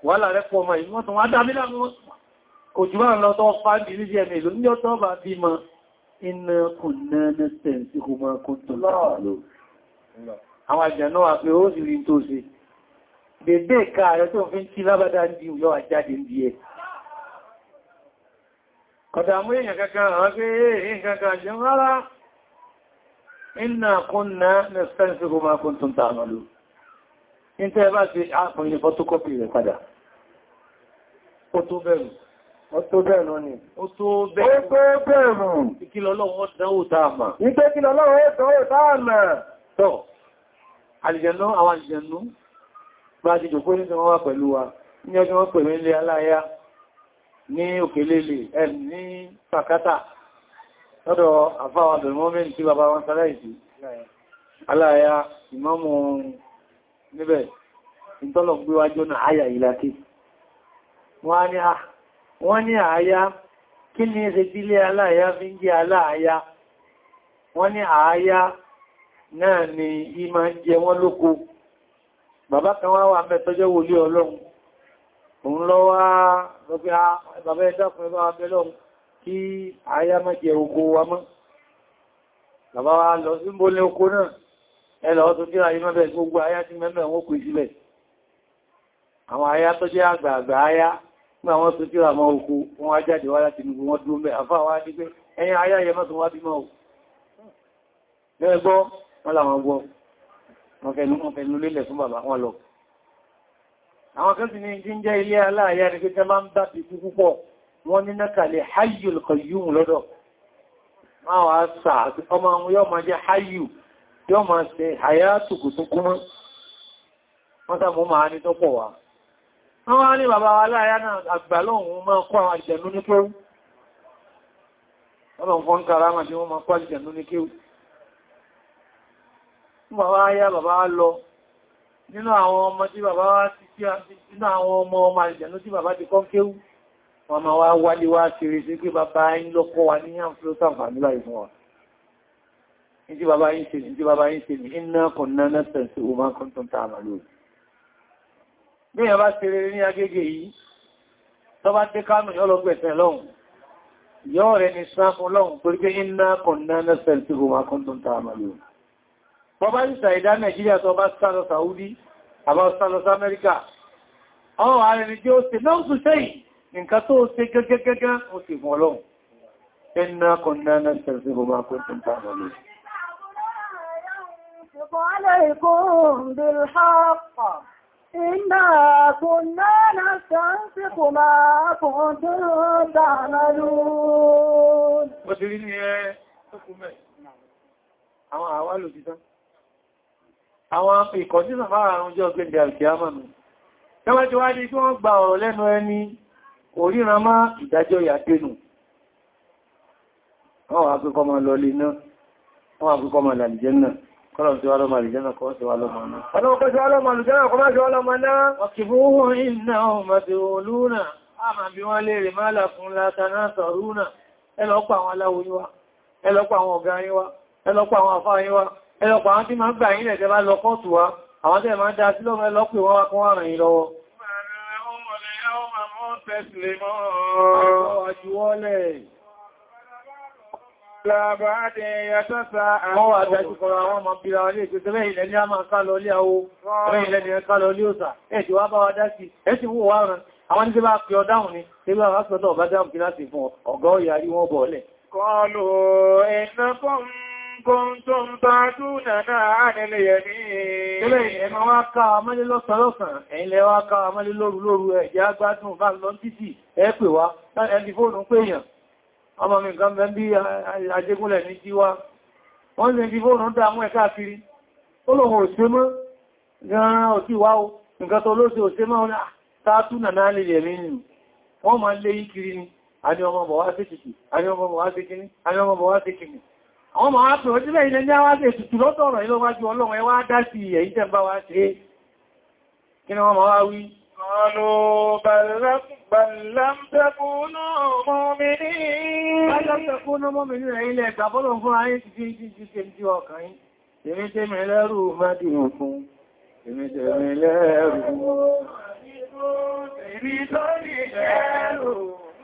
wàhálà rẹ̀ pọ̀ ọmọ ìwọ́n tó wá dábí láàmú òjú bá ń lọ tọ́ fáàdì àwọn àjẹ̀ náà wà ó sì rí tó sí dèdè ìka rẹ̀ tó fi ń tí lábádá ń di òyọ́ àjáde ń di ẹ̀. Kọ̀dàmú èèyàn kankan àwọn pé èèyàn kankan jẹ rárá, iná kún ná ní Spencer Roma kún tún ta àmà ló. Ìntẹ́ bá ti ápùnlé fọ́tókọ́pì rẹ̀ padà. Ó tó bẹ̀rù. Ó tó bẹ̀rù ni. Ó tó bẹ̀rù. Ìkìlọ̀ lọ́wọ́ dánwò táàmà bá ti jòkó ní wọ́n wá pẹ̀lú wa ní ọjọ́ wọ́n pè nílé aláyá ní òkèlélè ẹ̀m ní pàkátà lọ́dọ̀ àfáwà bẹ̀rẹ̀mọ́mẹ́ni tí bàbá wọn sáláìsì aláyá ìmámù níbẹ̀ ìtọ́lọ̀ gbé wájú náà àyà ìlàkí ah! wọ́n ní àáyá kí ní ẹsẹ̀ tí ilé aláàyá fi ń jẹ́ aláàyá wọ́n ní àáyá náà ni ìmá jẹ wọ́n lóko bàbá kan wá wà mẹ́ tọ́jọ́ wòlí ọlọ́run òun lọ wá lọ́pẹ́ ah, bàbá ẹ̀dọ́kùnrin bá bẹ́ lọ́run kí ayá má jẹ oko wa mọ́ bàbá wa lọ sí mbó ní oko náà ẹlọ ọdún díra yí mẹ́bẹ̀ gbogbo ayá tí mẹ́mẹ́ wọn kò sílẹ̀ àwọn ayá tó jẹ́ àgbààgbà ayá pé àwọn tó tíra mọ́ oko wọn wá jáde wá láti nìgbò wọn dúró mẹ́ àfáà wá ní pé ẹ̀yìn yẹ mọ́ tó wá bí mọ́ ò lẹ́gbọ́ wọn làwọn gbọ́ wọ́n fẹ́ ló fẹ́ ló lélẹ̀ fún bàbá wọn lọ. Àwọn kan sì ní jíjẹ́ ilé aláàyà rẹ̀ pé tẹ́ máa ń bá ti kú púpọ̀, wọ́n ní nákàlẹ̀ Hayyul Qayyum lọ́dọ̀. Máa wà sà àti ọmọ àwọn yọ́ máa jẹ́ Hayyu, yọ́ máa ṣe Hayatu kò kúmọ́. Wọ́n sàmú máa ní tó pọ̀ wá. Wọ́n wa aláàyà náà àgbà lóhun máa kọ́ àwọn àjẹ̀nú ní kéwú. Wọ́n lọ fọ́n karamà tí wọ́n bàbá yá bàbá lọ nínú àwọn ọmọ tí bàbá wá sí kí nínú àwọn ọmọ ọmọ àìjẹ̀nú tí bàbá ti kọ́ kéwú wọn ma wá wálé wá kiri sí pé bàbá yín lọ́kọ́ wa ní àmfilótà fàmílà ìfún wa ní bàbá yín ṣe ní tí bàbá yín ṣe ní iná kọ̀nà nẹ́sẹ̀nsì o máa kọ́ntọ́ ta àmàlò bọ́bá ìsà ìdá Nàìjíríà tó bá sálọ Saudi àbá sálọ sí Amẹ́ríkà ọwọ́ ààrẹ ni tí ó ṣe náà tún sẹ́yìn nǹkan tó ṣe gẹ́gẹ́gẹ́gẹ́ ó sì mọ́ lọ́wọ́ ẹnà kọ̀nà ṣẹ̀rẹ̀ bó máa kún tún tààmà lọ Iná kùnná na ṣàǹsì kò máa kùn tó dáná lóòrùn. Bọ̀dìrí ni ẹ́ tó kú mẹ́. Àwọn àwálò ti tán àwọn ìkọ̀sí sàfáà àrùn jọ gbẹ̀dẹ̀ alkiyama nù tẹ́wàá tí wá di kí wọ́n gba ọ̀rọ̀ lẹ́nu ẹni oríran má ìdájọ́ ìyàtẹ́nù wọ́n wà pín kọmọ lọlé náà wọ́n wà pín kọmọ làlìjẹ́ náà kọ́lọ̀m tí wá lọ́mọ àlìjẹ́ náà kọ́ sí wá lọ́mọ náà ọlọ́pẹ́ sí wá lọ́mọ àlìjẹ́ náà kọ́ máa sí wá lọ́mọ náà ọkìfúhùn iná ọmọ ti olúnà àmà bí wọ́n lè rí máa làkún látàná sọ̀rúnà ẹlọ́pàá àwọn aláwo yíwá ẹlọ́pàá àwọn ọ̀gá yíwá ẹlọ́pàá àwọn àfáà yíwá ẹlọpàá àwọn tí máa gbà yín lẹ̀jẹ́ bá lọ kọ́ọ̀tù wa àwọn tẹ́ máa dá sí lọ́mọ ẹlọ́pẹ̀ wọ́n wá kún wà rìn lọ́wọ́ àwọn ní sí, bá pẹ̀ ọdáhùn ni, tí bá wá pẹ̀ bá dáhùn kí láti fún ọgọ́ ìyàrí wọn bọ̀ọ̀lẹ̀. Kọlù ẹ̀nà fọ́nmù كنتم تعدوننا عن اليمين Ilé ẹ̀mọ́ wá ká ọmọlé lọ́sàn-lọ́sàn, ẹ̀yin lẹ wá ká ọmọlé lóru-lóru ẹ̀jẹ́ agbádùn bá lọ títì ẹ pè wá, ẹni fóònù pé èèyàn. Ọmọ mi nǹkan bẹ́ẹ̀ bí ajégúnlẹ̀ ní jíwá. Wọ́n sì fi fóònù dámú máa lé yí kiri ni, a ní ọmọ bọ̀ wá sí kìkì, a ní ọmọ bọ̀ wá sí kìkì, a ní ọmọ bọ̀ sí kìkì àwọn ọmọ àpẹ òjílẹ̀ ilẹ̀ ní àwọn àṣẹ ìtùtù lọ́tọ̀ ọ̀rọ̀ ilé wájú ọlọ́run ẹwà dá sí ẹ̀yìn tẹ́ bá wá ṣe kí ni wọ́n ma wá wí Èmi tó ní ẹrù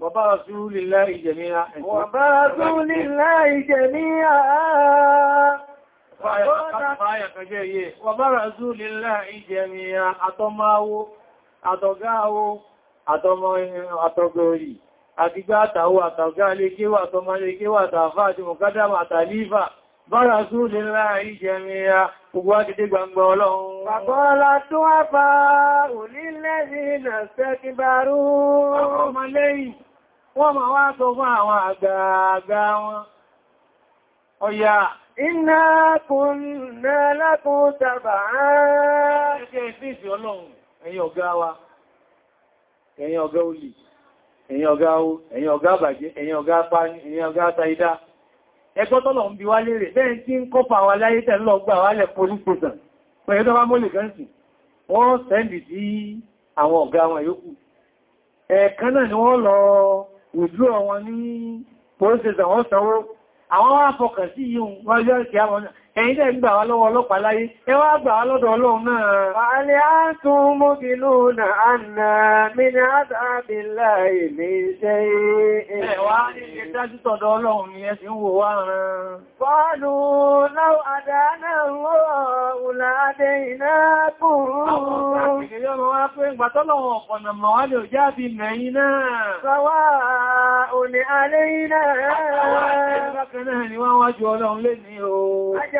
وبرزوا لله جميعا وبرزوا لله جميعا وبرزوا لله جميعا àtọmáwó àtọ̀gáwó àtọ̀gọ̀rí àtìgbà àtàwò àtàwò àlékéwà àtọmálékéwà àtàfà àti mọ̀kádàmà àtàlífà برزوا لله جميعا gbogbo àdìdé gbangba ọlọ́run. Bàbọ́lá tó wá bá òlílẹ́rin nà wọ́n ma wá sọ fún àwọn àgbààgbà wọn ọ̀yà iná kún náà lákún tàbà ẹgbẹ́ ìfíìsì tọ́lọ̀ ń bi wá lérè bẹ́ẹ̀ tí ń wa láyé tẹ́lọ gbà wá lẹ̀ pẹ̀lú tó mọ́lẹ̀ gẹ́ǹsì wọ́n sẹ́ndì sí ìjú àwọn ní pọ́lísẹ̀sẹ̀ wọ́n sanwó àwọn afọkà sí yíò wọ́n yọ́ ìkẹ́ àwọn ẹ̀yin tẹ́ gbà wá lọ́wọ́ ọlọ́pàá láyé ẹ wá gbà wá lọ́dọ̀ ọlọ́run náà alẹ́ àtún mọ́bìnú na ànà mínú àtàbílá ilé iṣẹ́ ẹ̀wà ní ìdájú tọ̀dọ̀ ọlọ́run ni ẹ sì ń wò wá rán fọ́lù láwọ́ àdánà wọ́n adé iná kùn Ajá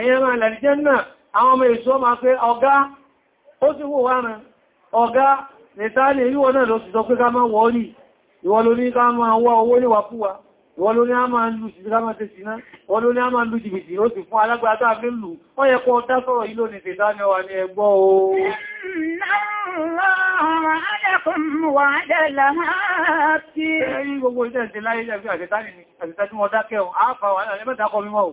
ẹ̀yẹn máa lẹ̀lẹ́jẹ́ náà àwọn ọmọ èso máa pé ọ̀gá ó sì wò wá rán ọ̀gá nìtàlì ìwọ náà ló sì sọ pé ká máa wọ́ rí ìwọ ló ní ká máa wọ́ owó níwàkúwà ìwọ ló ní a máa lù sí ká máa tẹ́sì náà ìwọ ló ní a fún alágbàá tá a fi lù Ẹ̀yìn gbogbo ìṣẹ́ ìṣẹ́ láyé jẹ́ bí àṣẹ́tánì ni, àṣẹ́tánì wọn dákẹ́ ọ̀, àáfà wà ní ẹgbẹ́ta kọ mímọ̀ ò.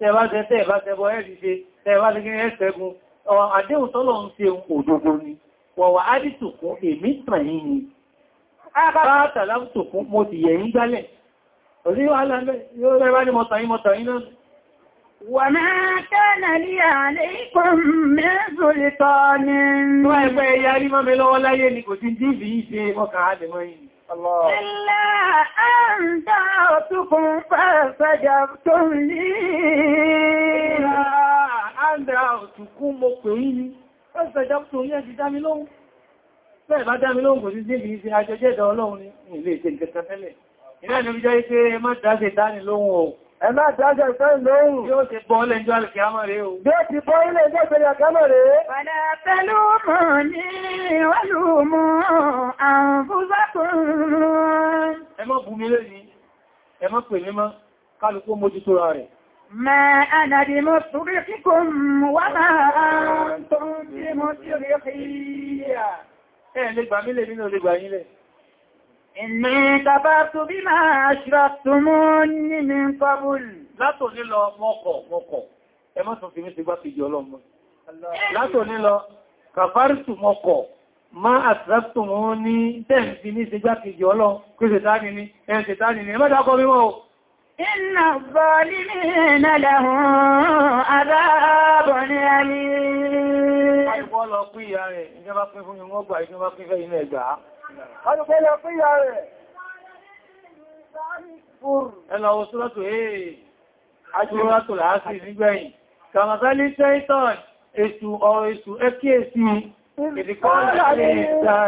tẹ́ẹ̀bá tẹ́ tẹ́ẹ̀bá tẹ́bọ ẹ́rì ṣe tẹ́ẹ̀bá tẹ́ gẹ́rẹ́ ẹ̀ṣẹ́gun àdéhùn tọ́lọ̀ ń ṣe òdodo ni wọ̀wà ádìtùkún èmi tàn yìí ni àbátàlámtùkún mo ti yẹ̀ yín gbálẹ̀ Wàmá tẹ́nà ní àlékún mẹ́sùn lè tọ́ ni. Wọ́n ẹgbẹ́ ẹ̀yà rí mọ́ mi lọ́wọ́ láyé ni kò sí dìbì í ṣe ọkà إلا أن دعوتكم فاستجبتم لي إلا أن دعوتكم مقيم فاستجبتم لي أجي dámi lóhùn Bẹ́ẹ̀ bá dámi lóhùn kò sí sí ibi ìṣe ajọjẹ́ ìdá ọlọ́run ní ilé ìṣe ìjẹta tẹ́lẹ̀. Ìrẹ́ ìjọ jẹ́ pé má dá ṣe dání lóhùn ohun. Ẹ̀má àtàjọ ìfẹ́ lóhùn. Yóò ti bọ́ ilẹ̀ ìjọ́ alìkì àmọ́rẹ́ o. Yóò ti bọ́ ilẹ̀ ìjọ́ ìfẹ́lẹ̀ àkámọ́rẹ́. Padà pẹ̀lú mọ̀ ní wọ́lú mọ̀ àwọn fúnfàkùn. Ẹ má bú mi lé ní, ẹ má pè ní mọ́, kálukú mójútó ra rẹ̀. ما أنا Inni kafartu bima ashraktumuni min qabl. Látò nílọ mọ́kọ̀ mọ́kọ̀. Ẹ má tún Látò nílọ kafartu mọ́kọ̀. Ma ashraktumuni tẹ́ẹ̀ fi ní ti gbá fi jẹ ọlọ́mọ. Kí ṣètáni ni, ẹ ṣètáni ni, ẹ mẹ́ta kọ mímọ́ o. Inna zalimina lahum adhabun ìjọba pín fún mi, ìjọba pín fẹ́ ilẹ̀ ẹgbàá. Adúgbẹ́ fún ìyá rẹ̀. Ẹlọ wo súrọ́tù èèyàn, ajúrọ́tù làásì nígbẹ̀yìn. Kàmàtálí Ṣẹ́ìtàn, èṣù ọ èṣù ẹkíèsí, ìdíkọ́ ilẹ̀ ìdá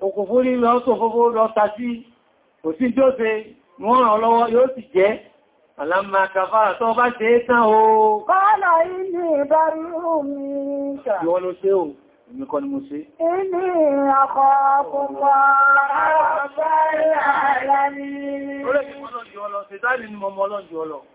fọ́fọ́ lọ tàbí, òsí tí ó ṣe, wọ́n ràn lọ́wọ́ yóò sì jẹ́. Àlámà kàfàrà tó bá ṣe é tán o. Kọ́lá inú ìbárí omi ìkà. Ìwọ́n ló ṣe o, èmi kọ́ ni mo ṣe. Inú àkọ́ púpọ̀ àrọ̀bá ìhàlá ni. Ó rẹ̀ ìwọ́n lọ́njọ́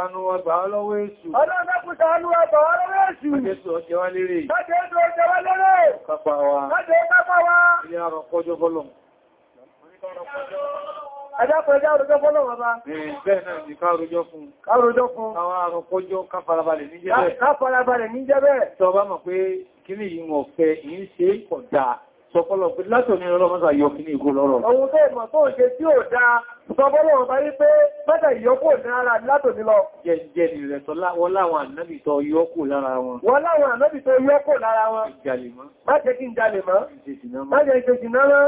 ṣàánú wa gbà èṣù. Ọlọ́run ṣàánú wa gbà èṣù. Májèṣù ọjẹ́ wá lérè. Májèṣù ọjẹ́ wá lérè. Kápá wa. Májèṣù kápá wa. Ilé àrọ̀ kọjọ́ bọ́lọ̀. Adápọ̀ ẹjá òrùjọ́ fọ́lọ̀ bàbá. Bẹ́ẹ̀ náà ni ká òrùjọ́ fún. Ká òrùjọ́ fún. Àwọn àrùnkọjọ́ ká farabalẹ̀ ní jẹ́ bẹ́ẹ̀. Ká farabalẹ̀ ní jẹ́ bẹ́ẹ̀. Tọ́ bá mọ̀ pé kíní yìí wọ̀n sọpọlọ pé látò ní ọlọ́mọ́sà yọ kí ní ìgò lọ́rọ̀. Ọ̀hun tó ìmọ̀ tó ṣe tí ó dáa, sọpọlọ ọ̀bá yí pé mẹ́ta ìyọkù nára látò ní lọ. Jẹ́jẹ́ ni rẹ̀ tọ́lá wọ́n láwọn ànábì tó yọkù lára wọn. Wọ́n láwọn ànábì tó yọkù lára wọn. Ìjàlè mọ́. Má jẹ́ kí ń jalè mọ́. Ìjẹ̀sìnà mọ́. Má jẹ́ ìjẹ̀sìnà mọ́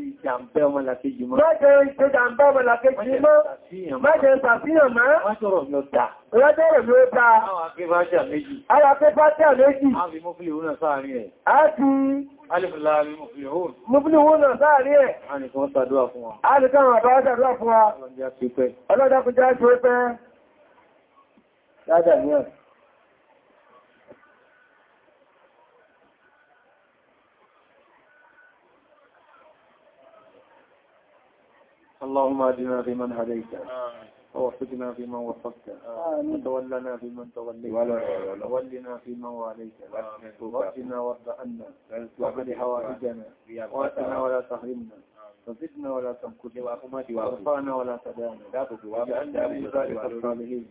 ìjàmbẹ́ ọmọ làkejì mọ́. Májẹ́ ìjàmbẹ́ ọmọ làkejì mọ́. Májẹ́ ìsàfihàn mọ́. Májọ́rọ̀ mi ó dá. Májọ́rọ̀ mi ó dá. Àwọn akẹ́fà jà méjì. Àwọn akẹ́fà jà méjì. Àwọn ìmọ́fílẹ̀ òun náà sáàrin ẹ̀. Á ti Alifilari Mufilihun. Mufilihun náà sáàrí ẹ̀. A nìkan ṣàdúrà fún wa. A nìkan àbá ṣàdúrà fún wa. Ọlọ́dá kú já sí pẹ́. Dájà ní ẹ̀. Allahumma adina liman hadaita. Amin. ووفقنا فيمن وفقته وتولنا فيمن توليت وولنا فيمن واليت وارجنا وارض عنا وقل حوائجنا واتنا ولا تحرمنا فزدنا ولا تنقصنا وارفعنا ولا تدانا وجعلنا من ذلك الصالحين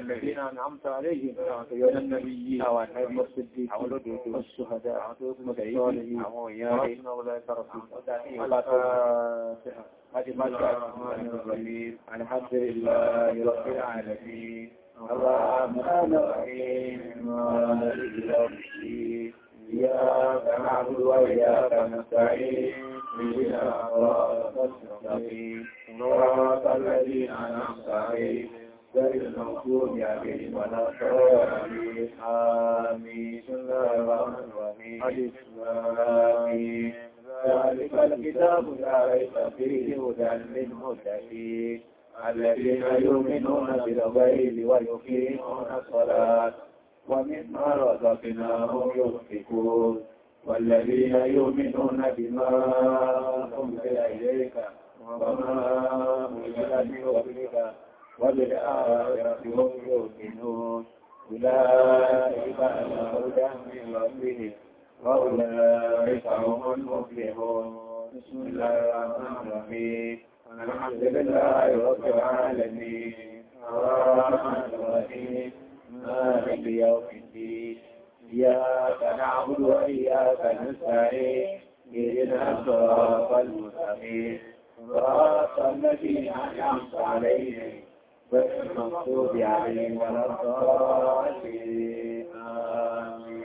الذين أنعمت عليهم من النبيين والصديقين والشهداء والصالحين ورحمنا أولئك رفيقا الفاتحة هذه ما شاء الرحمن الرحيم الحمد لله رب العالمين الرحمن الرحيم مالك يوم الدين إياك نعبد وإياك نستعين بها وراء المستقيم صراط الذين أنعمت عليهم غير المغضوب عليهم ولا الضالين آمين بسم الله الرحمن الرحيم آمين ذلك الكتاب لا ريب فيه هدى للمتقين الذين يؤمنون بالغيب ويقيمون الصلاة ومما رزقناهم ينفقون والذين يؤمنون بما أنزل إليك وما أنزل من قبلك وبالآخرة هم يؤمنون أولئك على هدى من ربهم وأولئك هم المفلحون بسم الله الرحمن الرحيم الحمد لله رب العالمين الرحمن الرحيم مالك يوم الدين إياك نعبد وإياك نستعين اهدنا الصراط المستقيم صراط الذين أنعمت عليهم غير المغضوب عليهم ولا الضالين آمين.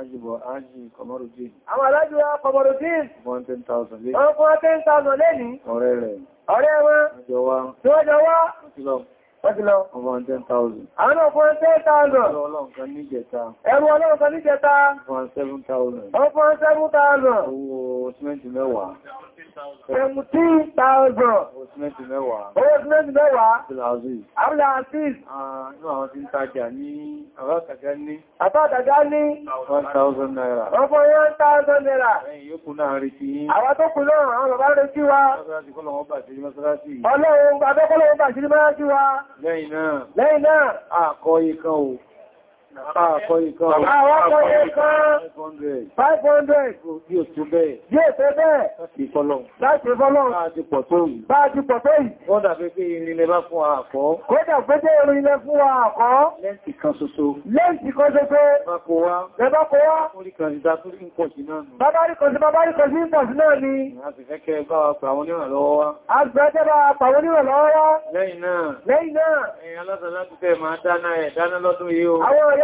Ajibo Aji Kọmọrùdín. Àwọn alájú ya Kọmọrùdín. 110,000 lé. Wọ́n fún 10,000 lé ní. Ọ̀rẹ́ rẹ̀. Ọ̀rẹ́ wọn. Ọjọ́ wá. Tí ó jọ wá. Ó ti lọ. Ẹgbìlọ. Ọmọ 10,000. Àwọn ọ̀fọ́ 10,000. Ẹrù ọlọ́ọ̀kan ní jẹta. Ọmọ 7,000. Ọmọ 7,000. Owó oṣmẹ́ntì mẹ́wàá. 17,000. Oṣmẹ́ntì mẹ́wàá. Oṣmẹ́ntì mẹ́wàá. Abdulaziz. Abdulaziz. Àwọn ah, àwọn tí ń tajà ní Abátàgá ní. Abátàgá ní. 1,000 naira. Ọmọ 1,000 naira. Ẹ̀yìn yóò kú náà retí. Àwọn tó kú náà, àwọn bàbá retí wa. Ọlọ́run, àbẹ́kọ́lọ́run bàṣírí mọ́sálásí wa lẹ́yìn náà àkọ́ ikan ò Àwọn akọ́yẹ kan 500 bí o tó bẹ́ẹ̀. Bí o tó bẹ́ẹ̀. Láti fọ́lọ́. Láti fọ́lọ́. Bá ti pọ̀ tó yìí. Bá ti pọ̀ tó yìí. Kódà pé pé irinlẹ̀ bá fún àkọ́. Kódà pé pé irinlẹ̀ fún àkọ́. Lẹ́ǹtì kan ṣoṣo. Lẹ́ǹtì kan ṣoṣo. Bá kò wá. Bẹ́ bá kò wá. Orí kan ìdá tó ń pọ̀ sí náà ni. Bàbá rí kan sí bàbá rí kan sí ń pọ̀ sí náà ni. A sì fẹ́ kẹ́ bá wa pàwọn onírànlọ́wọ́ wá. A sì fẹ́ kẹ́ bá wa pàwọn onírànlọ́wọ́ wá. Lẹ́yìn náà. Lẹ́yìn náà. Ẹ̀yin alátàlá ti fẹ́ máa dáná ẹ̀ dáná lọ́dún yìí o. Àwọn ọ̀rẹ́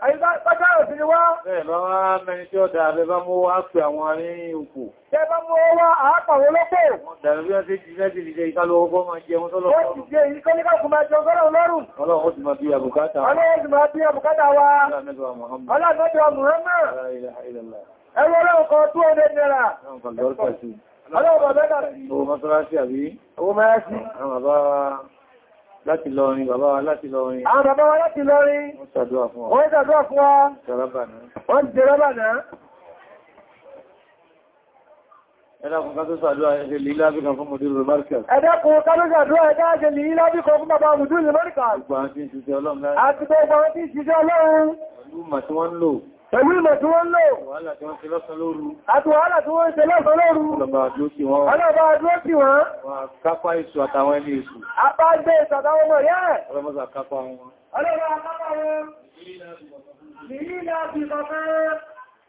Àyíkájára sí ni wá. Bẹ́ẹ̀ bá wá mẹni tí ó dáa bẹ bá mú wá pè àwọn arìnrìn òkú. Bẹ́ bá mú wá àápàwọ́ lọ́pọ̀. Wọ́n dàrí bí wọ́n sí ti jẹ́ ti jẹ́ ìkálò ọgbọ́n máa jẹ wọn tọ́lọ̀. Ó ti jẹ́ ìkọ́ nígbà kò máa jẹ ọgọ́rọ̀ lọ́rùn. Ọlọ́run ti máa bí àbùkátà. Ọlọ́run ti máa bí àbùkátà wa. Ọlọ́run ti máa bí àbùkátà láti lọ rin bàbá wa láti lọ rin àwọn bàbá wa láti lọ rin wọ́n ṣàdúrà fún wa wọ́n ṣàdúrà fún wa wọ́n ti rọ́bà náà ẹ̀dàkùn ká tó ṣàdúrà ẹ̀ṣẹ̀ lílá bí kan fún mọ̀dúrù márkàl ẹ̀dàkùn ká tó ṣàdúrà ẹ̀ṣẹ̀ lílá bí kan fún bàbá mọ̀dúrù márkàl Pẹ̀lú ìmọ̀ tí wọ́n lò, wàhálà tí wọ́n ṣe lọ́sàn lóru, ọlọ́bàá dúró sí wọn, wọ́n kápá èṣù àtàwọn ẹni èṣù. A bá gbé ìsàtàwọn ọmọ yẹ́. Ọlọ́mọ́sà kápá wọn. Ọlọ́mọ́